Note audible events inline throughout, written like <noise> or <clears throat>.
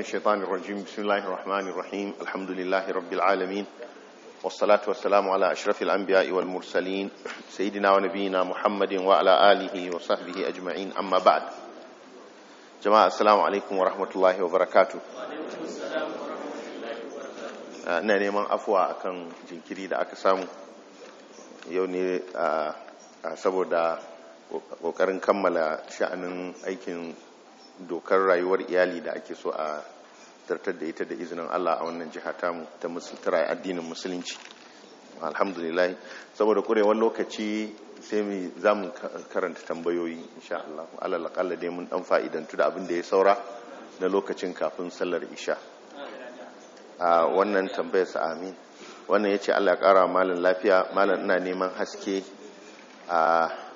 الشيطان الرجيم بسم الله الرحمن الرحيم الحمد لله رب العالمين والصلاة والسلام على أشرف الأنبياء والمرسلين سيدنا ونبينا محمد وعلى آله وصحبه أجمعين أما بعد جماعة السلام عليكم ورحمة الله وبركاته na neman afuwa akan jinkiri da aka samu yau ne saboda kokarin kammala sha'anin aikin dokar rayuwar iyali da ake so a tartar da ita da izinin Allah a wannan jiha mu ta musultura addinin musulunci alhamdulillah saboda kurewar lokaci sai mu za mu karanta tambayoyi insha Allah alal dai mun dan fa'idantu da abin da ya saura na lokacin kafin sallar isha a wannan tambayar sa amin wannan yace Allah ya kara malam lafiya malam ina neman haske a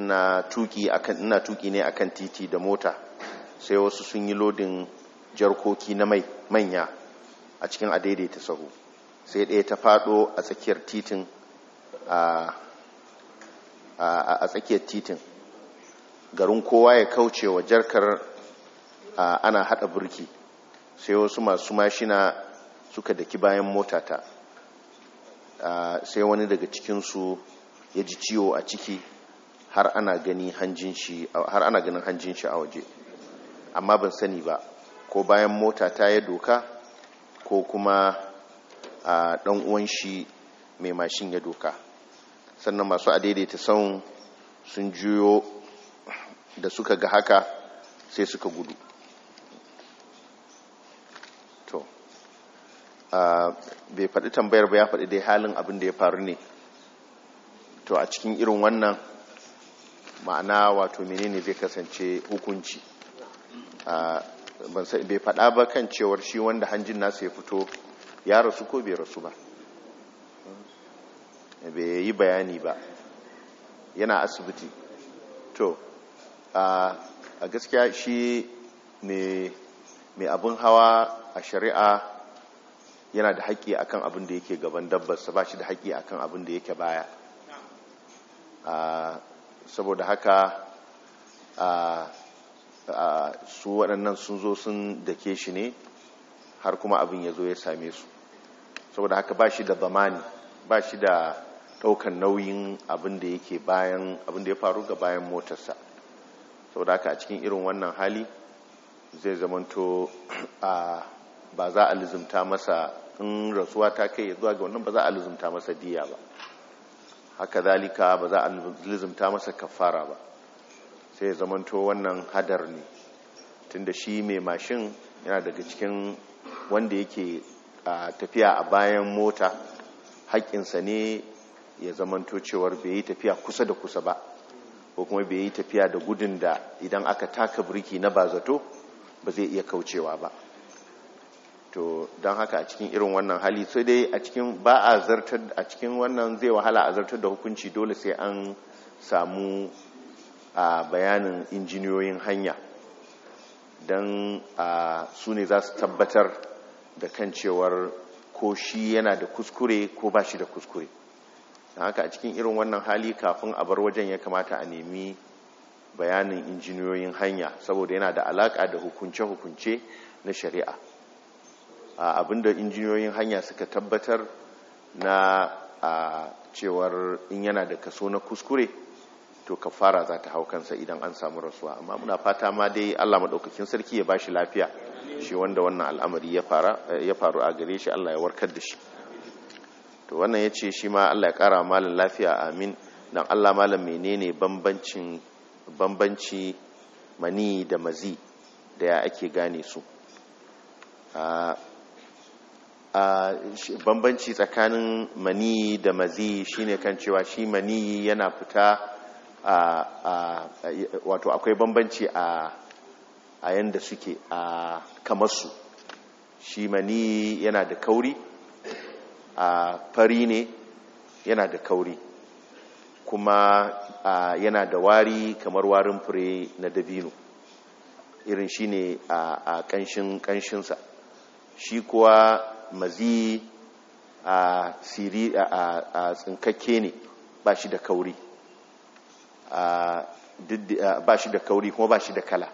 na tuki akan ina tuki ne akan titi da mota sai wasu sun yi lodin jarkoki na mai manya a cikin adaidaita sahu sai ɗaya ta fado a tsakiyar titin a tsakiyar titin garin kowa ya kauce wa jarkar ana hada burki sai wasu masu mashina suka daki bayan mota ta sai wani daga cikinsu ya ji ciwo a ciki har ana ganin hanjin shi a waje amma ban sani ba ko bayan mota ta ya doka ko kuma a ɗan uwan shi mai mashin ya doka sannan masu a daidaita saun sun juyo da suka ga haka sai suka gudu to bai faɗi tambayar ba ya faɗi dai halin abin da ya faru ne to a cikin irin wannan ma'ana wato menene zai kasance hukunci bai faɗa ba kan cewar shi wanda hanjin nasa ya fito ya rasu ko bai rasu ba bai yi bayani ba yana asibiti to a gaskiya shi mai abin hawa a shari'a yana da haƙƙi akan abin da yake gaban dabbarsa ba shi da haƙƙi akan abin da yake baya saboda haka su waɗannan sun zo sun dake shi ne har kuma abin ya zo ya same su saboda haka ba shi da zamani ba shi da ɗaukan nauyin abin da yake bayan abin da ya faru ga bayan motarsa saboda haka a cikin irin wannan hali zai zamanto a ba za a lizimta masa in rasuwa ta kai ya zuwa ga wannan ba za a lizimta masa diya ba haka zalika ba za a lizimta masa kafara ba sai ya zamanto wannan hadar ne tunda shi mai mashin yana daga cikin wanda yake tafiya a bayan mota haƙƙinsa ne ya zamanto cewar bai yi tafiya kusa da kusa ba ko kuma bai yi tafiya da gudun da idan aka taka birki na bazato ba zai iya kaucewa ba to don haka a cikin irin wannan hali sai dai a cikin ba a zartar a cikin wannan zai wahala a zartar da hukunci dole sai an samu a bayanin injiniyoyin hanya don a su ne za su tabbatar da kan cewar ko shi yana da kuskure ko ba shi da kuskure don haka a cikin irin wannan hali kafin a bar wajen ya kamata a nemi bayanin injiniyoyin hanya saboda yana da alaka da hukunce-hukunce na shari'a abinda injiniyoyin hanya suka tabbatar na cewar in yana da kaso na kuskure to ka fara za ta hau kansa idan an samu rasuwa amma muna fata ma dai Allah maɗaukakin sarki ya bashi lafiya shi wanda wannan al'amari ya faru a gare shi Allah ya warkar da shi to wannan ya ce shi ma Allah ya ƙara malin lafiya amin don Allah malam menene bambanci mani da mazi da ya ake gane su bambanci tsakanin mani da mazi shine kan cewa shi mani yana fita a wato akwai bambanci a a yanda suke a kamarsu shi mani yana da kauri a fari ne yana da kauri kuma yana da wari kamar warin fure na dabino irin shi ne a kanshin ƙanshinsa shi kuwa mazi a siri a tsinkakke ne ba shi da kauri ba shi da kauri kuma ba shi da kala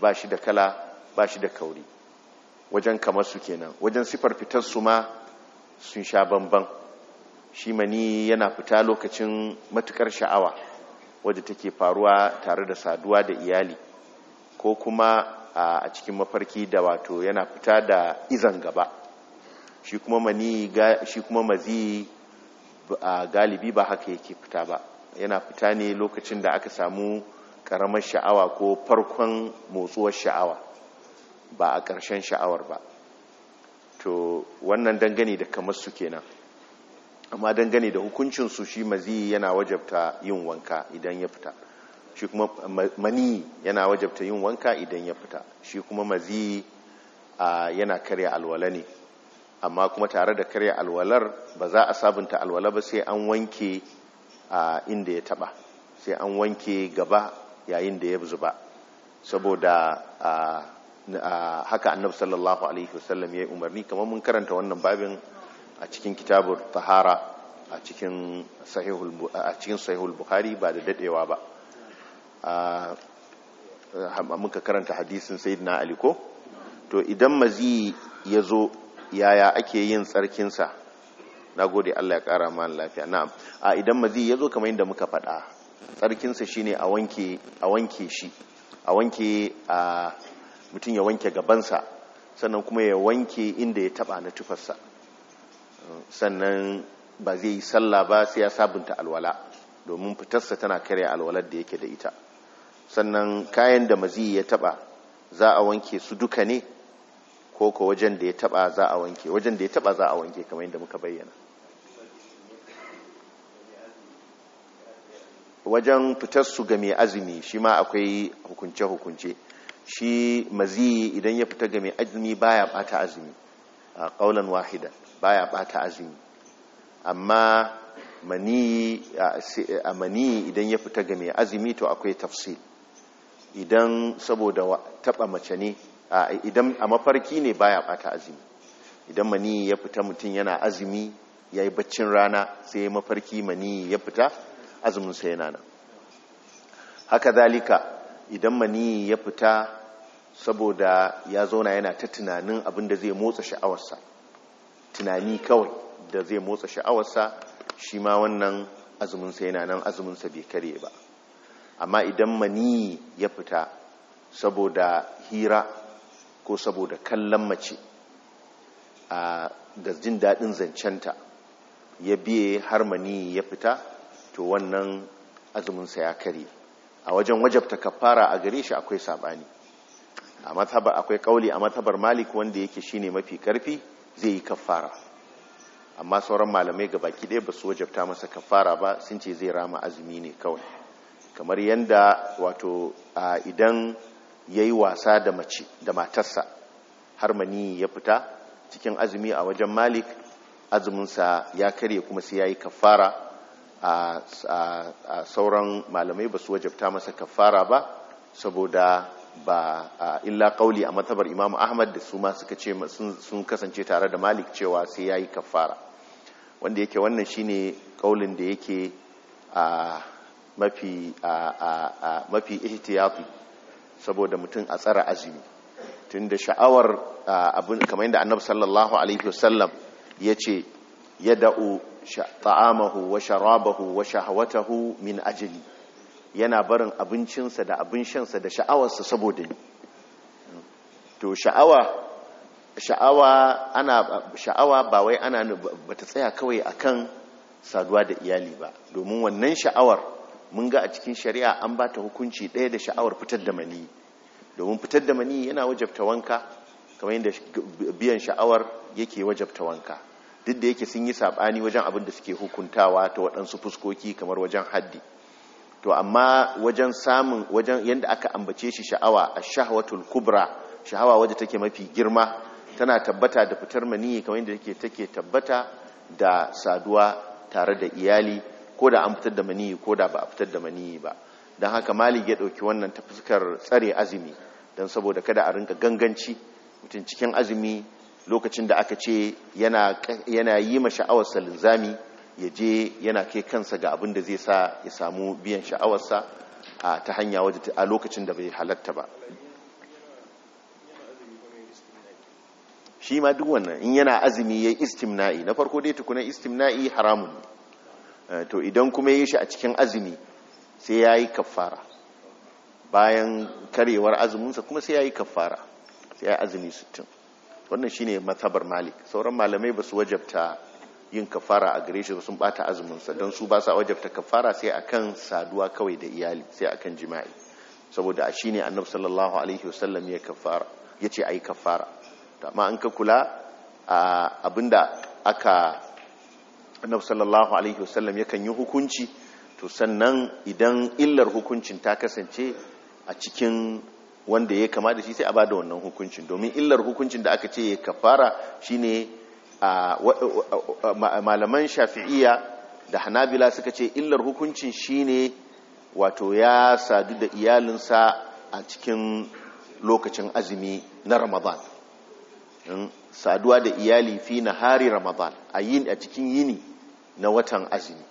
ba shi da kala ba shi da kauri wajen kamar su kenan wajen sifar fitar su ma sun sha bamban shi mani yana fita lokacin matukar sha'awa wadda take faruwa tare da saduwa da iyali ko kuma a cikin mafarki da wato yana fita da izan gaba shi kuma mani shi galibi ba haka yake fita ba yana fita ne lokacin da aka samu karamar sha'awa ko farkon motsuwar sha'awa ba a ƙarshen sha'awar ba to wannan dangane da kamar su kenan amma dangane da hukuncinsu shi mazi yana wajabta yin wanka idan ya fita shi kuma mani yana wajabta yin wanka idan ya fita shi kuma mazi yana karya alwala ne amma kuma tare da karya alwalar ba za a sabunta alwala ba sai an wanke inda ya taba sai an wanke gaba yayin da ya zuba saboda haka annabi sallallahu alaihi wasallam ya yi umarni kamar mun karanta wannan babin a cikin kitabur tahara a cikin sahihul bukhari ba da dadewa ba muka karanta hadisin sayyidina ali ko to idan mazi ya zo yaya ake yin tsarkinsa na gode Allah ya kara ma lafiya na a idan mazi ya zo kamar yadda muka faɗa tsarkinsa shine a a wanke shi a wanke a mutum ya wanke gabansa sannan kuma ya wanke inda ya taba na tufarsa sannan ba zai yi sallah ba sai ya sabunta alwala domin fitarsa tana karya alwalar da yake da ita sannan kayan da mazi ya taba za a wanke su duka ne ko ko wajen da ya taba za a wanke wajen da ya taba za a wanke kamar yadda muka bayyana wajen fitar su ga mai azumi shi ma akwai hukunce-hukunce shi mazi idan ya fita ga mai azumi baya bata azumi a kaulan wahida baya bata azumi amma mani a mani idan ya fita ga mai azumi to akwai tafsir idan saboda taba mace ne idan a mafarki ne baya bata azumi idan mani ya fita mutum yana azumi ya yi baccin rana sai mafarki mani ya fita azuminsa yana nan haka zalika idan mani ya fita saboda ya zauna yana ta tunanin abin da zai motsa sha'awarsa tunani kawai da zai motsa sha'awarsa shi ma wannan azuminsa yana nan azuminsa bai kare ba amma idan mani ya fita saboda hira ko saboda kallon mace a jin daɗin zancenta ya biye har mani ya fita to wannan azuminsa ya kare a wajen wajabta kafara a gare shi akwai saɓani akwai kauli a matabar malik wanda yake shine mafi ƙarfi zai yi kafara amma sauran malamai ga baki ɗaya ba su wajabta masa kafara ba sun ce zai rama azumi ne kawai kamar yadda wato idan ya yi wasa da mace da matarsa har mani ya fita cikin azumi a wajen malik azuminsa ya karye kuma sai ya yi kafara a sauran malamai ba su wajabta masa kafara ba saboda ba illa kauli a matabar imamu ahmad da su ma suka ce sun kasance tare da malik cewa sai ya yi kafara wanda yake wannan shine kaulin da yake a mafi mafi ihtiyati saboda mutum a tsara azumi tunda sha'awar abin kamar yadda annabi sallallahu alaihi wasallam yace yada'u ta'amahu wa sharabahu wa shahawatahu min ajli yana barin abincinsa da abin shansa da sha'awarsa saboda ni to sha'awa sha'awa ana sha'awa ba wai ana bata tsaya kawai akan saduwa da iyali ba domin wannan sha'awar mun ga a cikin shari'a an ba ta hukunci ɗaya da sha'awar fitar da mani domin fitar da mani yana wajabta wanka kamar yadda biyan sha'awar yake wajabta wanka duk da yake sun yi saɓani wajen abin da suke hukuntawa ta waɗansu fuskoki kamar wajen haddi to amma wajen samun wajen yadda aka ambace shi sha'awa a shahwatul kubra sha'awa wadda take mafi girma tana tabbata da fitar mani kamar yadda take tabbata da saduwa tare da iyali ko da an fitar da maniyi ko da ba a fitar da maniyi ba don haka malik ya ɗauki wannan ta fuskar tsare azumi don saboda kada a rinka ganganci mutum cikin azumi lokacin da aka ce yana yi ma sha'awarsa linzami ya je yana kai kansa ga abin da zai sa ya samu biyan sha'awarsa ta hanya waje a lokacin da bai halatta ba shi ma duk wannan in yana azumi ya istimna'i na farko dai tukunan istimna'i haramun Eh, to idan kuma yi shi a cikin azumi sai ya yi kafara bayan karewar azuminsa kuma sai ya yi kafara sai ya yi azumi sittin wannan shi ne matsabar malik sauran malamai ba su wajabta yin kafara a gare shi sun bata azuminsa don su ba sa wajabta kafara sai akan saduwa kawai da iyali sai akan jima'i saboda a shi ne annabi sallallahu alaihi wasallam ya ce a yi kafara amma an ka kula abinda aka annabi sallallahu alaihi wasallam yakan yi hukunci to sannan idan illar hukuncin ta kasance a cikin wanda ya kama da shi sai a bada wannan hukuncin domin illar hukuncin da aka ce ya kafara shine malaman shafi'iyya da hanabila suka ce illar hukuncin shine wato ya sadu da iyalinsa a cikin lokacin azumi na ramadan saduwa da iyali fi hari ramadan a cikin yini na watan azumi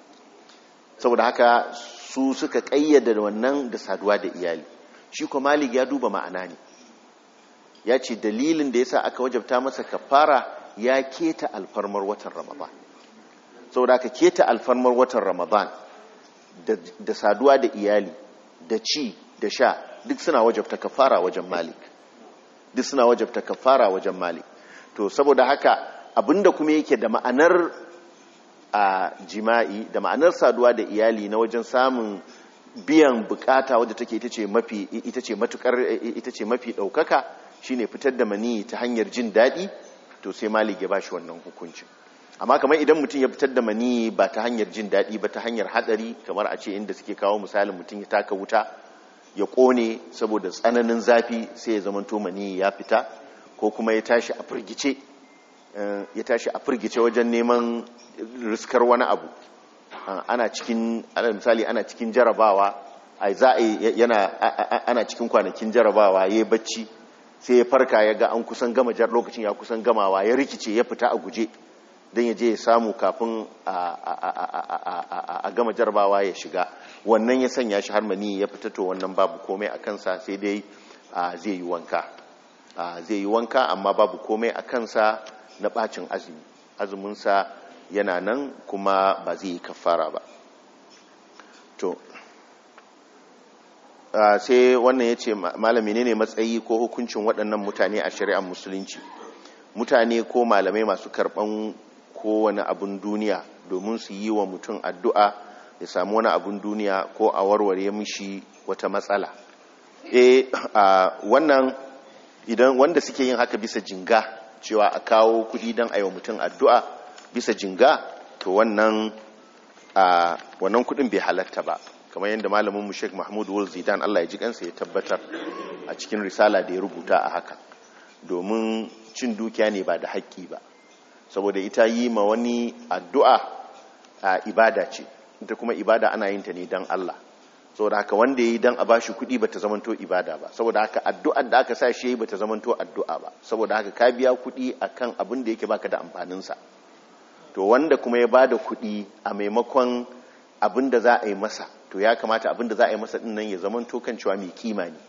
saboda haka su suka kayyada da wannan da saduwa da iyali shi ko malik ya duba ma'ana ne ya ce dalilin da yasa aka wajabta masa kafara ya keta alfarmar watan ramadan saboda haka keta alfarmar watan ramadan da saduwa da iyali da ci da sha duk suna wajabta kafara wajen malik duk suna wajabta kafara wajen malik to saboda haka abinda kuma yake da ma'anar a jima'i da ma'anar saduwa da iyali na wajen samun biyan bukata wadda take ita ce mafi ita ce matukar shine fitar da mani ta hanyar jin daɗi to sai malik ba bashi wannan hukuncin amma kamar idan mutum ya fitar da mani ba ta hanyar jin daɗi ba ta hanyar hadari kamar a ce inda suke kawo misalin mutum ya taka wuta ya kone saboda tsananin zafi sai ya zamanto mani ya fita ko kuma ya tashi a firgice Eh, ya tashi a firgice wajen neman riskar wani abu ah, ana cikin misali ana cikin jarabawa ai za yana ana cikin kwanakin jarabawa yayi bacci sai ya farka ya ga an kusan gama jar lokacin ya kusan gamawa ya rikice ya fita a guje don ya je ya samu kafin a gama jarabawa ya shiga wannan ya sanya shi har mani ya fita to wannan babu komai a kansa sai dai ah, zai yi wanka ah, zai yi wanka amma babu komai a kansa na bacin azumi azuminsa yana nan kuma ba zai yi kafara ba to sai wannan ya ce malami ne matsayi ko hukuncin waɗannan mutane a shari'ar musulunci mutane ko malamai masu karɓan kowane abin duniya domin su yi wa mutum addu'a ya samu wani abin duniya ko a warware mishi wata matsala e wannan idan wanda suke yin haka bisa jinga cewa a kawo kuɗi don a yi wa mutum addu'a bisa jinga to wannan wannan kuɗin bai halatta ba kamar yadda malamin mu Sheikh Mahmud Wal Zidan Allah ya ji kansa ya tabbatar a cikin risala da ya rubuta a haka domin cin dukiya ne ba da haƙƙi ba saboda ita yi ma wani addu'a ibada ce ita kuma ibada ana yin ta ne don Allah saboda haka wanda ya yi don a ba shi kuɗi bata zamanto ibada ba saboda haka addu'ar da aka sa shi ya yi bata zamanto addu'a ba saboda haka ka biya kuɗi akan abin da yake baka da amfaninsa to wanda kuma ya ba da kuɗi a maimakon abin da za a yi masa to ya kamata abin da za a yi masa din nan ya zamanto kan cewa mai kima ne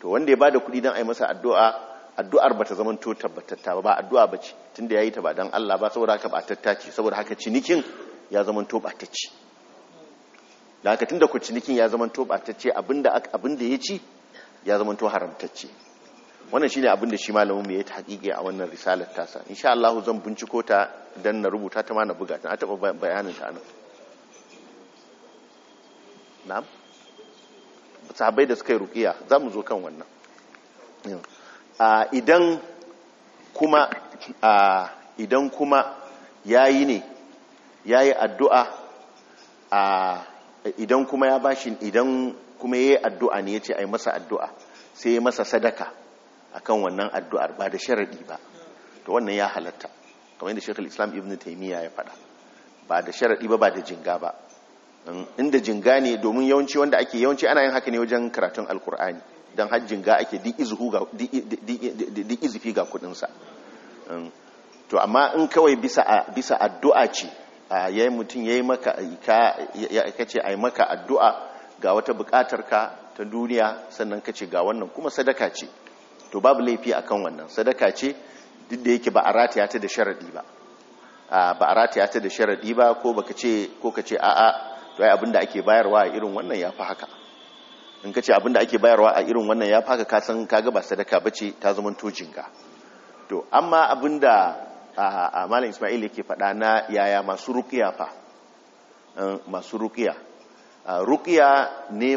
to wanda ya bada kuɗi don a yi masa addu'a addu'ar bata zamanto tabbatatta ba addu'a bace tunda yi ta ba dan Allah ba saboda haka ba tattaci saboda haka cinikin ya zamanto ba ci. da haka tunda ku ya zama to batacce abinda da ya ci ya zama to haramtacce wannan shine abinda shi malamin mu ya ta hakiki a wannan risalar tasa insha Allah zan binciko ta don na rubuta ta ma na buga ta na taba bayanin ta anan na'am sahabbai da suka yi za mu zo kan wannan idan kuma idan yi yayi ne yayi addu'a a idan kuma ya bashi idan kuma ya yi addu'a ne ya ce a yi masa addu'a sai ya masa sadaka akan wannan addu'ar ba da sharaɗi ba to wannan ya halatta kamar yadda shekul Islam Ibn taimiyya ya faɗa ba da sharaɗi ba ba da jinga ba inda jinga ne domin yawanci wanda ake yawanci ana yin haka ne wajen karatun alkur'ani don har jinga ake duk izufi ga kudinsa to amma in kawai bisa addu'a ce ya yi mutum ya yi maka ya ce a yi maka addu'a ga wata buƙatar ka ta duniya sannan ka ce ga wannan kuma sadaka ce to babu laifi akan wannan sadaka ce duk da yake ba a rataya ta da sharaɗi ba ba a rataya ta da sharaɗi ba ko baka ce ko ka ce a'a to ai abinda ake bayarwa a irin wannan ya fi haka in ka ce abinda ake bayarwa a irin wannan ya fi haka ka san kaga ba sadaka ba ce ta zama tojinka to amma abinda a malam ismail yake faɗa na yaya masu rukiya fa eh, masu rukiya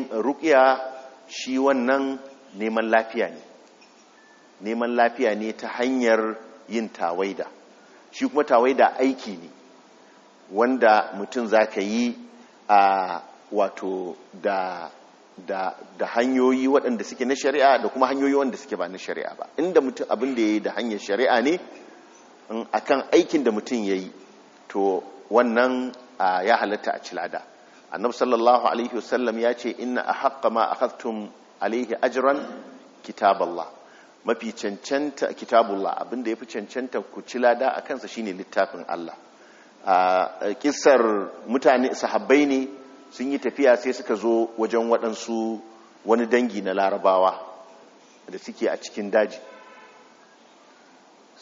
rukiya shi wannan neman lafiya ne neman lafiya ne ta hanyar yin tawaida shi kuma tawaida aiki ne wanda mutum za ka yi a wato da da, da hanyoyi waɗanda suke na shari'a da kuma hanyoyi waɗanda suke ba na shari'a ba inda mutum abin da ya yi da hanyar shari'a ne akan aikin da mutum ya yi to wannan ya halatta a cilada annabi sallallahu alaihi wasallam ya ce inna a haƙa ma a haƙtun alaihi ajiran kitaballah mafi cancanta kitaballah abinda ya fi cancanta ku cilada a kansa shine littafin Allah a kisar mutane sahabbai ne sun yi tafiya sai suka zo wajen waɗansu wani dangi na larabawa da suke a cikin daji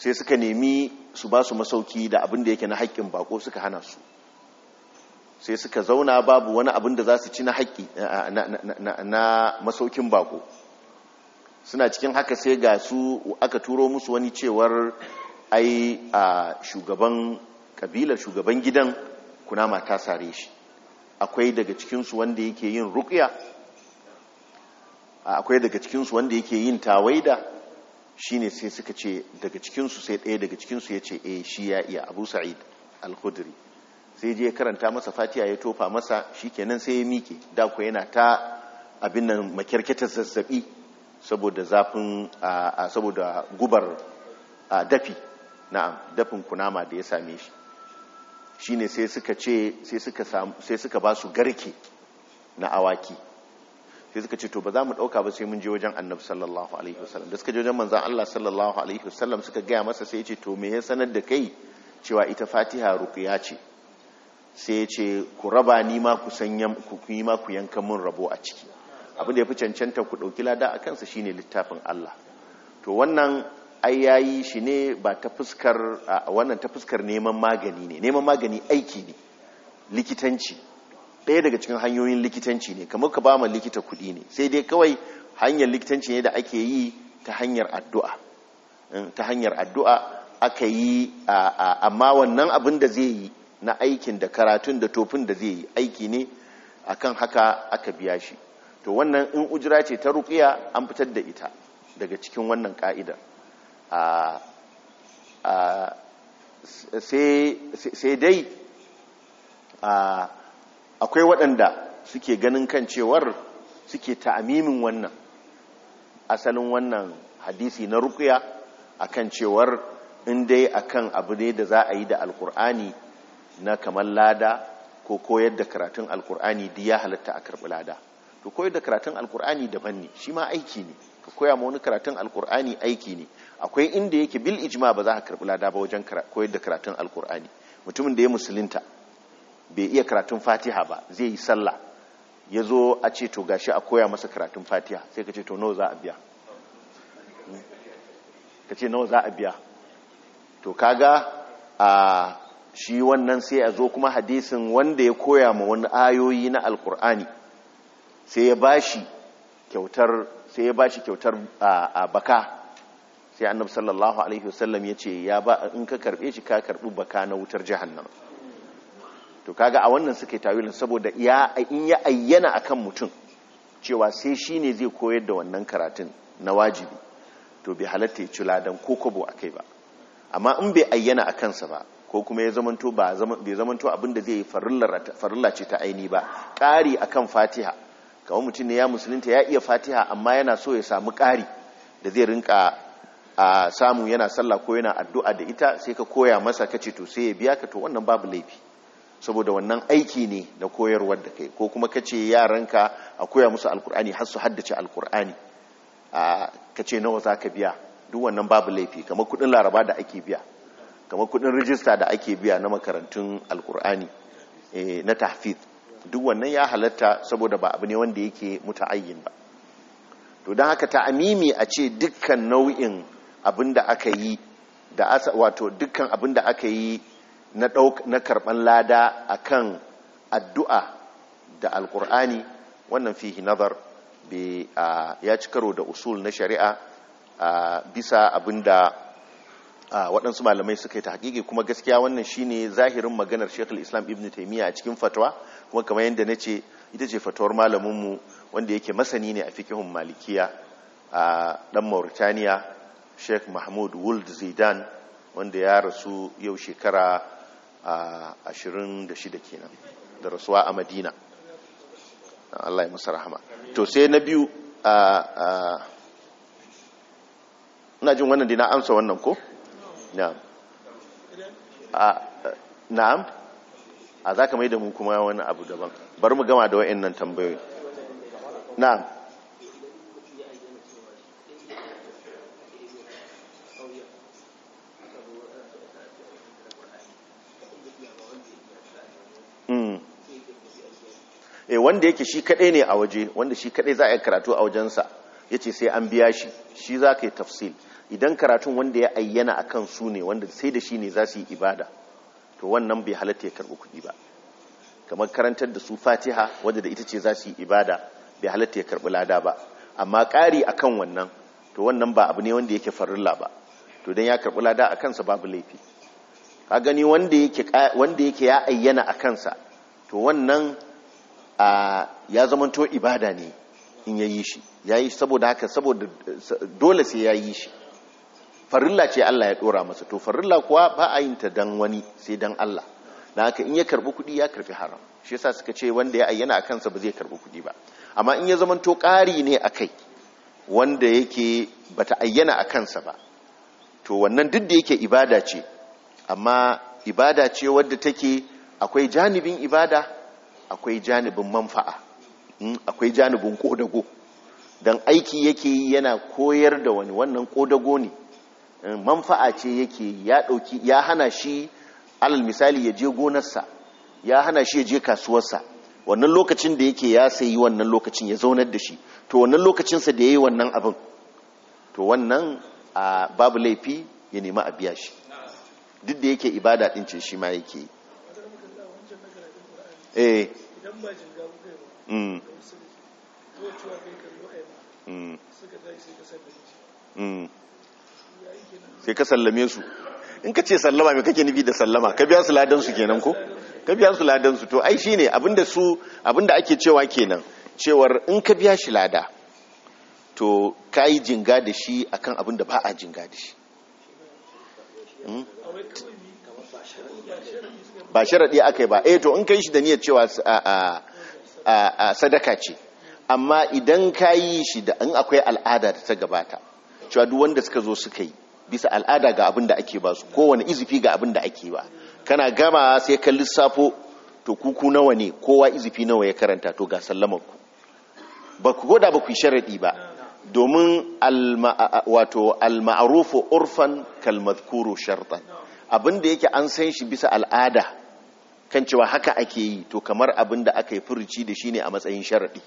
sai suka nemi su ba su masauki da abin da yake na haƙƙin bako suka hana su sai suka zauna babu wani abin da za su ci na haƙƙi eh, eh, na masaukin bako suna cikin haka sai ga su aka turo musu wani cewar ai a shugaban kabilar shugaban gidan kunama ta sare shi akwai daga cikinsu wanda yake yin ruƙiya akwai daga cikinsu wanda yake yin tawaida shine sai suka ce daga cikinsu sai ɗaya daga cikinsu ya ce e shi ya iya abu sa'id al-khudri sai je karanta masa fatiya ya tofa masa shi kenan sai ya miƙe da ku yana ta abin nan makyarkatar zazzabi saboda zafin saboda gubar dafi na'am dafin kunama da ya same shi shine sai suka ce sai suka ba su garke na awaki sai suka ce to ba za mu ɗauka ba sai mun je wajen annabi sallallahu alaihi wasallam da suka je wajen manzon Allah sallallahu alaihi wasallam suka gaya masa sai ya ce to me ya sanar da kai cewa ita fatiha ruqiya ce sai ya ce ku raba ni ma ku sanyan ku yi ma ku yanka mun rabo a ciki abin da ya fi cancanta ku ɗauki lada a kansa shine littafin Allah to wannan ai yayi shi ne ba ta fuskar wannan ta fuskar neman magani ne neman magani aiki ne likitanci ɗaya daga cikin hanyoyin likitanci ne kamar ka ba ma likita kuɗi ne sai dai kawai hanyar likitanci ne da ake yi ta hanyar addu'a eh, ta hanyar addu'a aka yi amma wannan abin da zai yi na aikin da karatun da tofin da zai yi aiki ne akan haka aka biya shi to wannan in ujira ce ta rukiya an fitar da ita daga cikin wannan ka'idar sai dai akwai waɗanda suke ganin kan cewar suke ta'amimin wannan asalin wannan hadisi na rukuya akan cewar in dai akan abu ne da za a yi da alkur'ani na kamar lada ko koyar da karatun alkur'ani da ya halatta a karɓi lada to koyar da karatun alkur'ani daban ne shi ma aiki ne ka koya ma wani karatun alkur'ani aiki ne akwai inda yake bil ijma ba za a karɓi lada ba wajen koyar da karatun alkur'ani mutumin da ya musulunta bai iya karatun fatiha ba zai yi sallah ya zo a ce to gashi a koya masa karatun fatiha sai ka ce to nawa za a biya ka ce nawa za a biya to kaga a shi wannan sai a zo kuma hadisin wanda ya koya ma wani ayoyi na alkur'ani sai ya bashi kyautar sai ya bashi kyautar a baka sai annabi sallallahu alaihi wasallam ya ce ya ba in ka karbe shi ka karbi baka na wutar jahannama to kaga a wannan suke tawilin saboda ya in ya ayyana akan mutum cewa sai shi ne zai koyar da wannan karatun na wajibi to bai halatta ya ci ladan ko kobo a kai ba amma in bai ayyana a kansa ba ko kuma ya zamanto ba bai zamanto abin da zai yi farilla ce ta aini ba ƙari akan fatiha kamar mutum ne ya musulunta ya iya fatiha amma yana so ya samu ƙari da zai rinka a samu yana sallah ko yana addu'a da ita sai ka koya masa kace to sai ya biya ka to wannan babu laifi saboda wannan aiki ne na koyarwar da kai ko kuma kace yaranka a koya musu alkur'ani har su haddace alkur'ani a kace nawa zaka biya duk wannan babu laifi kamar kudin laraba da ake biya kamar kudin rijista da ake biya na makarantun alkur'ani eh, na tahfiz duk wannan ya halatta saboda ba abu ne wanda yake muta'ayyin ba to don haka ta'amimi a ce dukkan nau'in abin da aka yi da wato dukkan abin da aka yi na karɓan lada a kan addu'a da alƙur'ani wannan fihi nazar ya ci karo da usul na shari'a bisa abinda waɗansu malamai suka yi ta haƙiƙe kuma gaskiya wannan shine zahirin maganar shekul islam ibn taimiyya a cikin fatwa kuma kamar yadda na ce ita ce fatawar malaminmu wanda yake masani ne a fikihun malikiya a ɗan mauritaniya sheikh mahmud wuld zidane wanda ya rasu yau shekara a 26 kenan da rasuwa a madina Allah ya musu rahama to sai na biyu a ina jin wannan dina amsa wannan ko na'am na'am a za ka mai da mu kuma wani abu daban Bar mu gama da wa'in nan tambayoyi na'am wanda yake shi kadai ne a waje wanda shi kadai za a yi karatu a wajensa ya ce sai an biya shi shi za ka yi tafsil idan karatun wanda ya ayyana a kan su ne wanda sai da shi ne za su yi ibada to wannan bai halatta ya karɓi kuɗi ba kamar karantar da su fatiha wadda da ita ce za su yi ibada bai halatta ya karɓi lada ba amma ƙari a kan wannan to wannan ba abu ne wanda yake farilla ba to don ya karɓi lada a kansa babu laifi ka gani wanda yake ya ayyana a kansa to wannan ya zamanto ibada ne in ya yi shi ya yi saboda haka saboda dole sai ya yi shi farilla ce Allah ya dora masa to farilla kuwa ba a yin ta dan wani sai dan Allah na haka in ya karbi kuɗi ya karfi haram shi yasa suka ce wanda ya ayyana a kansa ba zai karbi kuɗi ba amma in ya zamanto ƙari ne a kai wanda yake bata ayyana a kansa ba to wannan duk da yake ibada ce amma ibada ce wadda take akwai janibin ibada akwai janibin manfa'a hmm, akwai janibin kodago don aiki yake yi yana koyar da wani wannan kodago ne eh, manfa'a ce yake ya dauki ya hana shi alal misali ya je gonarsa ya hana shi ya je kasuwarsa wannan lokacin da yake ya sayi wannan lokacin ya zaunar da shi to wannan lokacinsa da ya yi wannan abin to wannan babu laifi ya nemi a biya shi duk da yake ibada ɗin ce shi ma yake yi eh idan ba jinga ba mm to kai ba mm suka sai ka sallame mm sai ka sallame su in ka ce sallama me kake nufi da sallama ka biya su ladan su kenan ko ka biya su ladan su to ai shine abinda su abinda ake cewa kenan cewar in ka biya shi lada to ka yi jinga da shi akan abinda ba a jinga da shi hmm? ba sharaɗi aka yi ba eh to in kai shi da niyyar cewa a sadaka ce amma idan ka yi shi da in akwai al'ada da ta gabata cewa duk wanda suka zo suka yi bisa al'ada ga abin da ake ba su kowane izifi ga abin da ake ba kana gama sai ka lissafo to kuku nawa ne kowa izifi nawa ya karanta to ga sallamar ku ba ku goda ba ku sharaɗi ba domin wato maarufu urfan kalmadkuru shartan abin da yake an san shi bisa al'ada kan cewa haka ake yi to kamar abin da aka yi furuci da shi ne a matsayin sharaɗi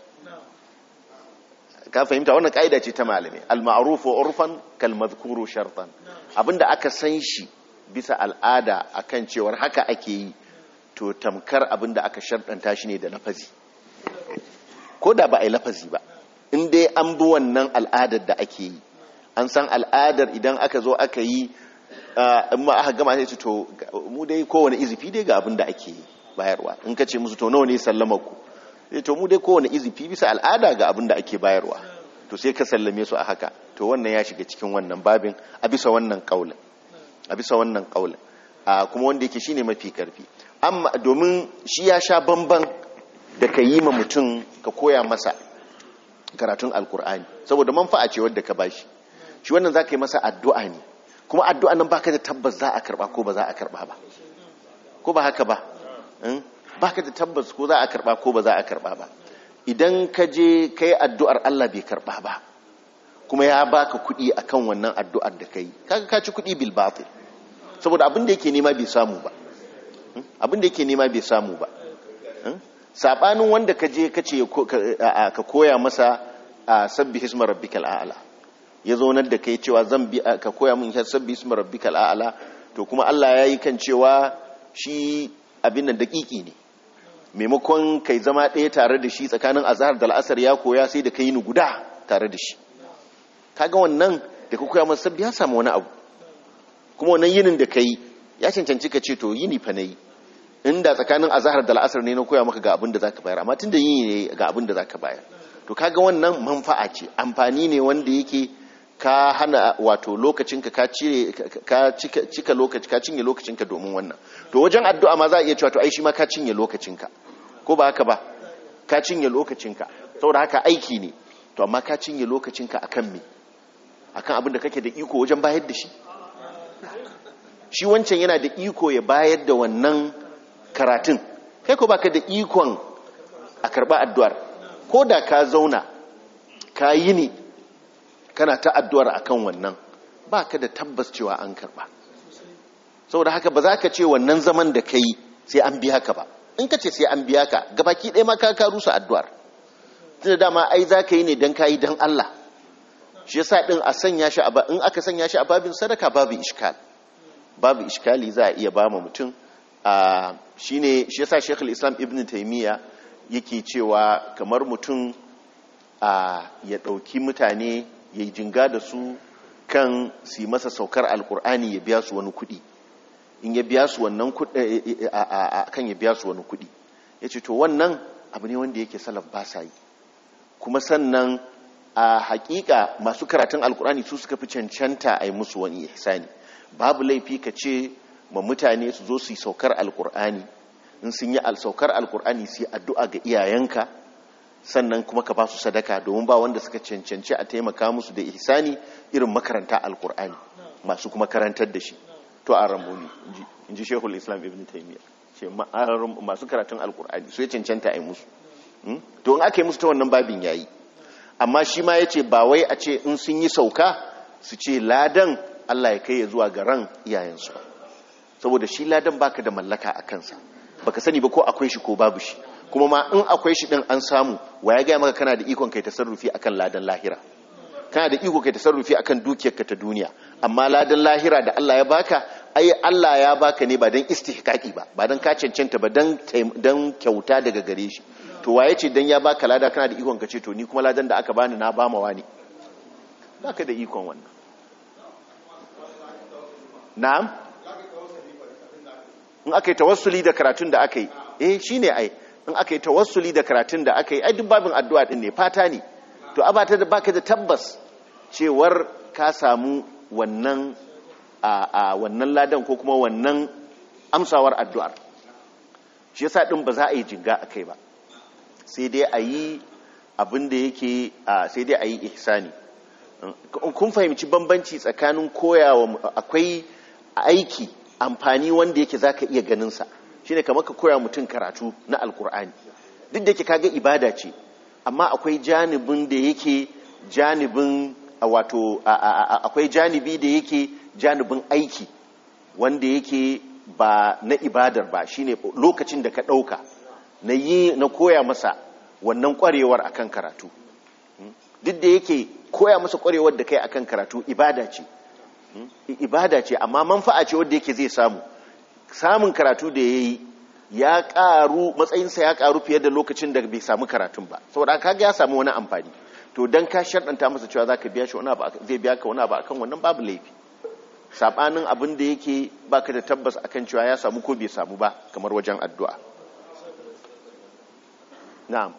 ka fahimta wannan ƙa'ida ce ta malami al-ma'rufu urfan kal madhkuru shartan abinda aka san shi bisa al'ada akan cewar haka ake yi to tamkar da aka sharɗanta shi ne da lafazi ko da ba a yi lafazi ba in dai an bi wannan al'adar da ake yi an san al'adar idan aka zo aka yi Ah, in ma aka gama sai to mu dai kowane izifi dai ga abin da ake bayarwa in ka ce musu to nawa ne sallama ku sai eh, to mu dai kowane izifi bisa al'ada ga abin da ake bayarwa to sai ka sallame su a haka to wannan ya shiga cikin wannan babin a bisa wannan kaulin a bisa wannan kaulin ah, kuma wanda yake shine mafi karfi amma domin shi ya sha bamban da ka yi ma mutum ka koya masa karatun alkur'ani saboda manfa'a ce wadda ka bashi shi wannan za ka yi masa addu'a ne kuma addu'an nan baka da tabbas za a karba ko ba za a karba ba ko ba haka ba hmm? baka da tabbas ko za a karba ko ba za a karba ba idan ka je kai addu'ar Allah bai karba ba kuma ya baka kuɗi kan wannan addu'ar da yi, kaga ka ci kuɗi bil saboda abin yake nema bai samu ba hmm? abin yake nema bai samu ba hmm? sabanin wanda ka je ka ce ka koya masa sabbi hismar rabbikal a'la ya zaunar da kai cewa zan bi ka koya min hisabbi ismi rabbikal a'la to kuma Allah ya yi kan cewa shi abin nan daƙiƙi ne maimakon kai zama ɗaya tare da shi tsakanin azhar da al'asar ya koya sai da kai ni guda tare da shi kaga wannan da ka koya masa ya samu wani abu kuma wannan yinin da kai ya cancanci ka ce to yini fa nayi inda tsakanin azhar da al'asar ne na koya maka ga abin da zaka bayar amma tunda yini ne ga abin da zaka bayar to kaga wannan manfa'a ce amfani ne wanda yake ka hana wato lokacin ka cire ka cika lokaci ka cinye lokacinka domin wannan to wajen addu'a ma za a iya cewa to ai shi ma ka cinye lokacinka ko ba haka ba ka cinye lokacinka saboda haka aiki ne to amma ka cinye lokacin ka akan me akan abin da kake da iko wajen bayar da shi shi wancan yana da iko ya bayar da wannan karatun kai ko baka da ikon a karba addu'ar ko da ka zauna ka yi ne kana ta addu'ar a kan wannan ba ka da tabbas cewa an karba saboda haka ba za ka ce wannan zaman da ka yi sai an biya ka ba in ka ce sai an biya ka gaba gabaki ɗaya ma ka rusa addu'ar tunda dama ai za ka yi ne don ka yi don Allah shi yasa din a sanya shi in aka sanya shi a babin sadaka babu iskal babu iskali za a iya ba ma mutum ne shi yasa shekul Islam Ibn taimiyya yake cewa kamar mutum ya ɗauki mutane ya yi jinga da su kan su masa saukar alkur'ani ya biya su wani kuɗi in ya biya su wannan kuɗi eh, eh, eh, a kan ya biya su wani kuɗi ya ce to wannan abu ne wanda yake salaf ba sa yi kuma sannan a hakika masu karatun alkur'ani su suka fi cancanta a yi musu wani ihsani babu laifi ka ce ma mutane su zo su yi saukar alkur'ani in sun yi saukar alkur'ani su yi addu'a ga iyayenka sannan kuma ka ba su sadaka domin ba wanda suka cancanci a taimaka musu da ihsani irin makaranta alkur'ani masu kuma karantar da shi to a ramuni in ji shehu islam ibn taimiyya masu karatun alkur'ani su ya cancanta a yi musu hmm? to in aka yi musu ta wannan babin yayi amma shi ma ya ce ba wai a ce in sun yi sauka su ce ladan allah ya kai ya zuwa ga ran iyayensu saboda shi ladan baka da mallaka a kansa baka sani ba ko akwai shi ko babu shi kuma ma in akwai shi din an samu wa ya gaya maka kana da ikon kai tasarrufi akan ladan lahira kana da iko kai tasarrufi akan dukiyarka ta duniya amma ladan lahira da Allah ya baka ai Allah ya baka ne ba dan istihqaqi ba ba dan ka cancanta ba dan dan kyauta daga gare shi to waye ce dan ya baka lada kana da ikon ka ce to ni kuma ladan da aka bani na ba mawa ne baka da ikon wannan na'am in aka yi tawassuli da karatun da aka yi eh shine ai in aka yi tawassuli da karatun da aka yi ai duk babin addu'a ɗin ne fata ne to abata da baka da tabbas cewar ka samu wannan a wannan ladan ko kuma wannan amsawar addu'ar shi yasa din ba za a yi jinga a kai ba sai dai a yi abin da yake sai dai a yi ihsani kun fahimci bambanci tsakanin koyawa akwai aiki amfani wanda yake zaka iya ganinsa shine kamar ka koya mutum karatu na alkur'ani duk da yake kaga ibada ce amma akwai janibin da yake janibin wato akwai janibi da yake janibin aiki wanda yake ba na ibadar ba shine lokacin da ka ɗauka na yi na koya masa wannan kwarewar akan karatu hmm? duk da yake koya masa kwarewar da kai akan karatu ibada ce hmm? ibada ce amma manfa'a ce wanda yake zai samu samun karatu da ya yi ya ƙaru matsayinsa ya ƙaru fiye da lokacin da bai samu karatun ba saboda kaga ya samu wani amfani to dan ka sharɗanta masa cewa zaka biya shi zai biya ka wani abu akan wannan babu laifi saɓanin abin da yake baka da tabbas akan cewa ya samu ko bai samu ba kamar wajen addu'a na'am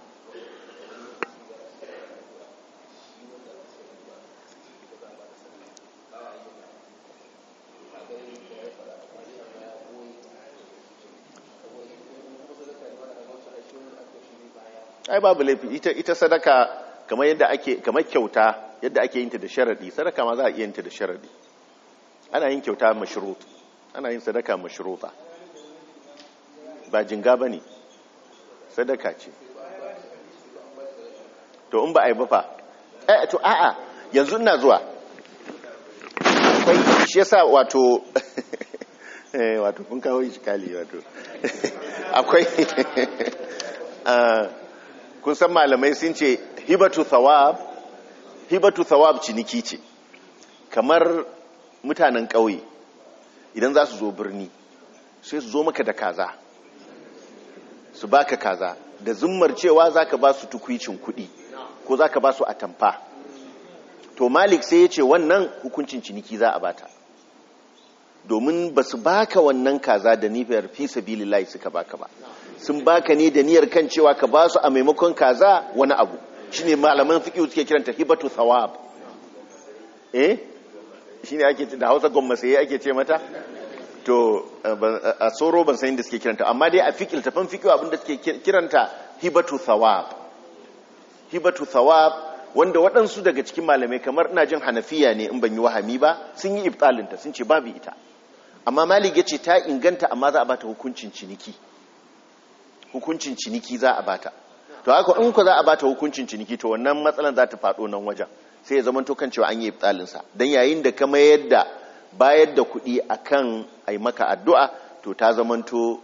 ai babu laifi ita ita sadaka kamar yadda ake kamar kyauta yadda ake yin ta da sharadi sadaka ma za a iya yin ta da sharadi ana yin kyauta mashrut ana yin sadaka mashruta ba jinga bane sadaka ce to in ba ai ba fa eh to a'a yanzu ina zuwa akwai shi yasa wato <laughs> eh, wato kun kawo shi kali wato <laughs> akwai <laughs> ah, kun san malamai sun ce hibatu thawab hibatu thawab ciniki ce kamar mutanen ƙauye idan za su zo birni sai su zo maka da kaza su baka kaza da zummar cewa za ka ba su tukwicin kuɗi ko za ka ba su atamfa to malik sai ya ce wannan hukuncin ciniki za a bata domin ba su baka wannan kaza da nifiyar fi sabilillahi suka baka ba sun baka ne da niyyar kan cewa ka ba su a maimakon kaza wani abu shine malaman fiqh suke kiranta hibatu thawab eh shine ake ce da Hausa gwamma sai ake ce mata to eh, a tsoro ban san inda suke kiranta amma dai a fiqh tafan fiqh abinda suke kiranta hibatu thawab hibatu thawab wanda waɗansu daga cikin malamai kamar ina jin hanafiya ne in ban yi wahami ba sun yi ibtalinta sun ce babu ita amma malik ya ce ta inganta amma za a bata hukuncin ciniki hukuncin ciniki za a bata to haka in ku za a bata hukuncin ciniki to wannan matsalan za ta faɗo nan wajen sai ya zama to kan cewa an yi sa dan yayin da ka mayar da bayar da kuɗi akan ai maka addu'a to ta zama to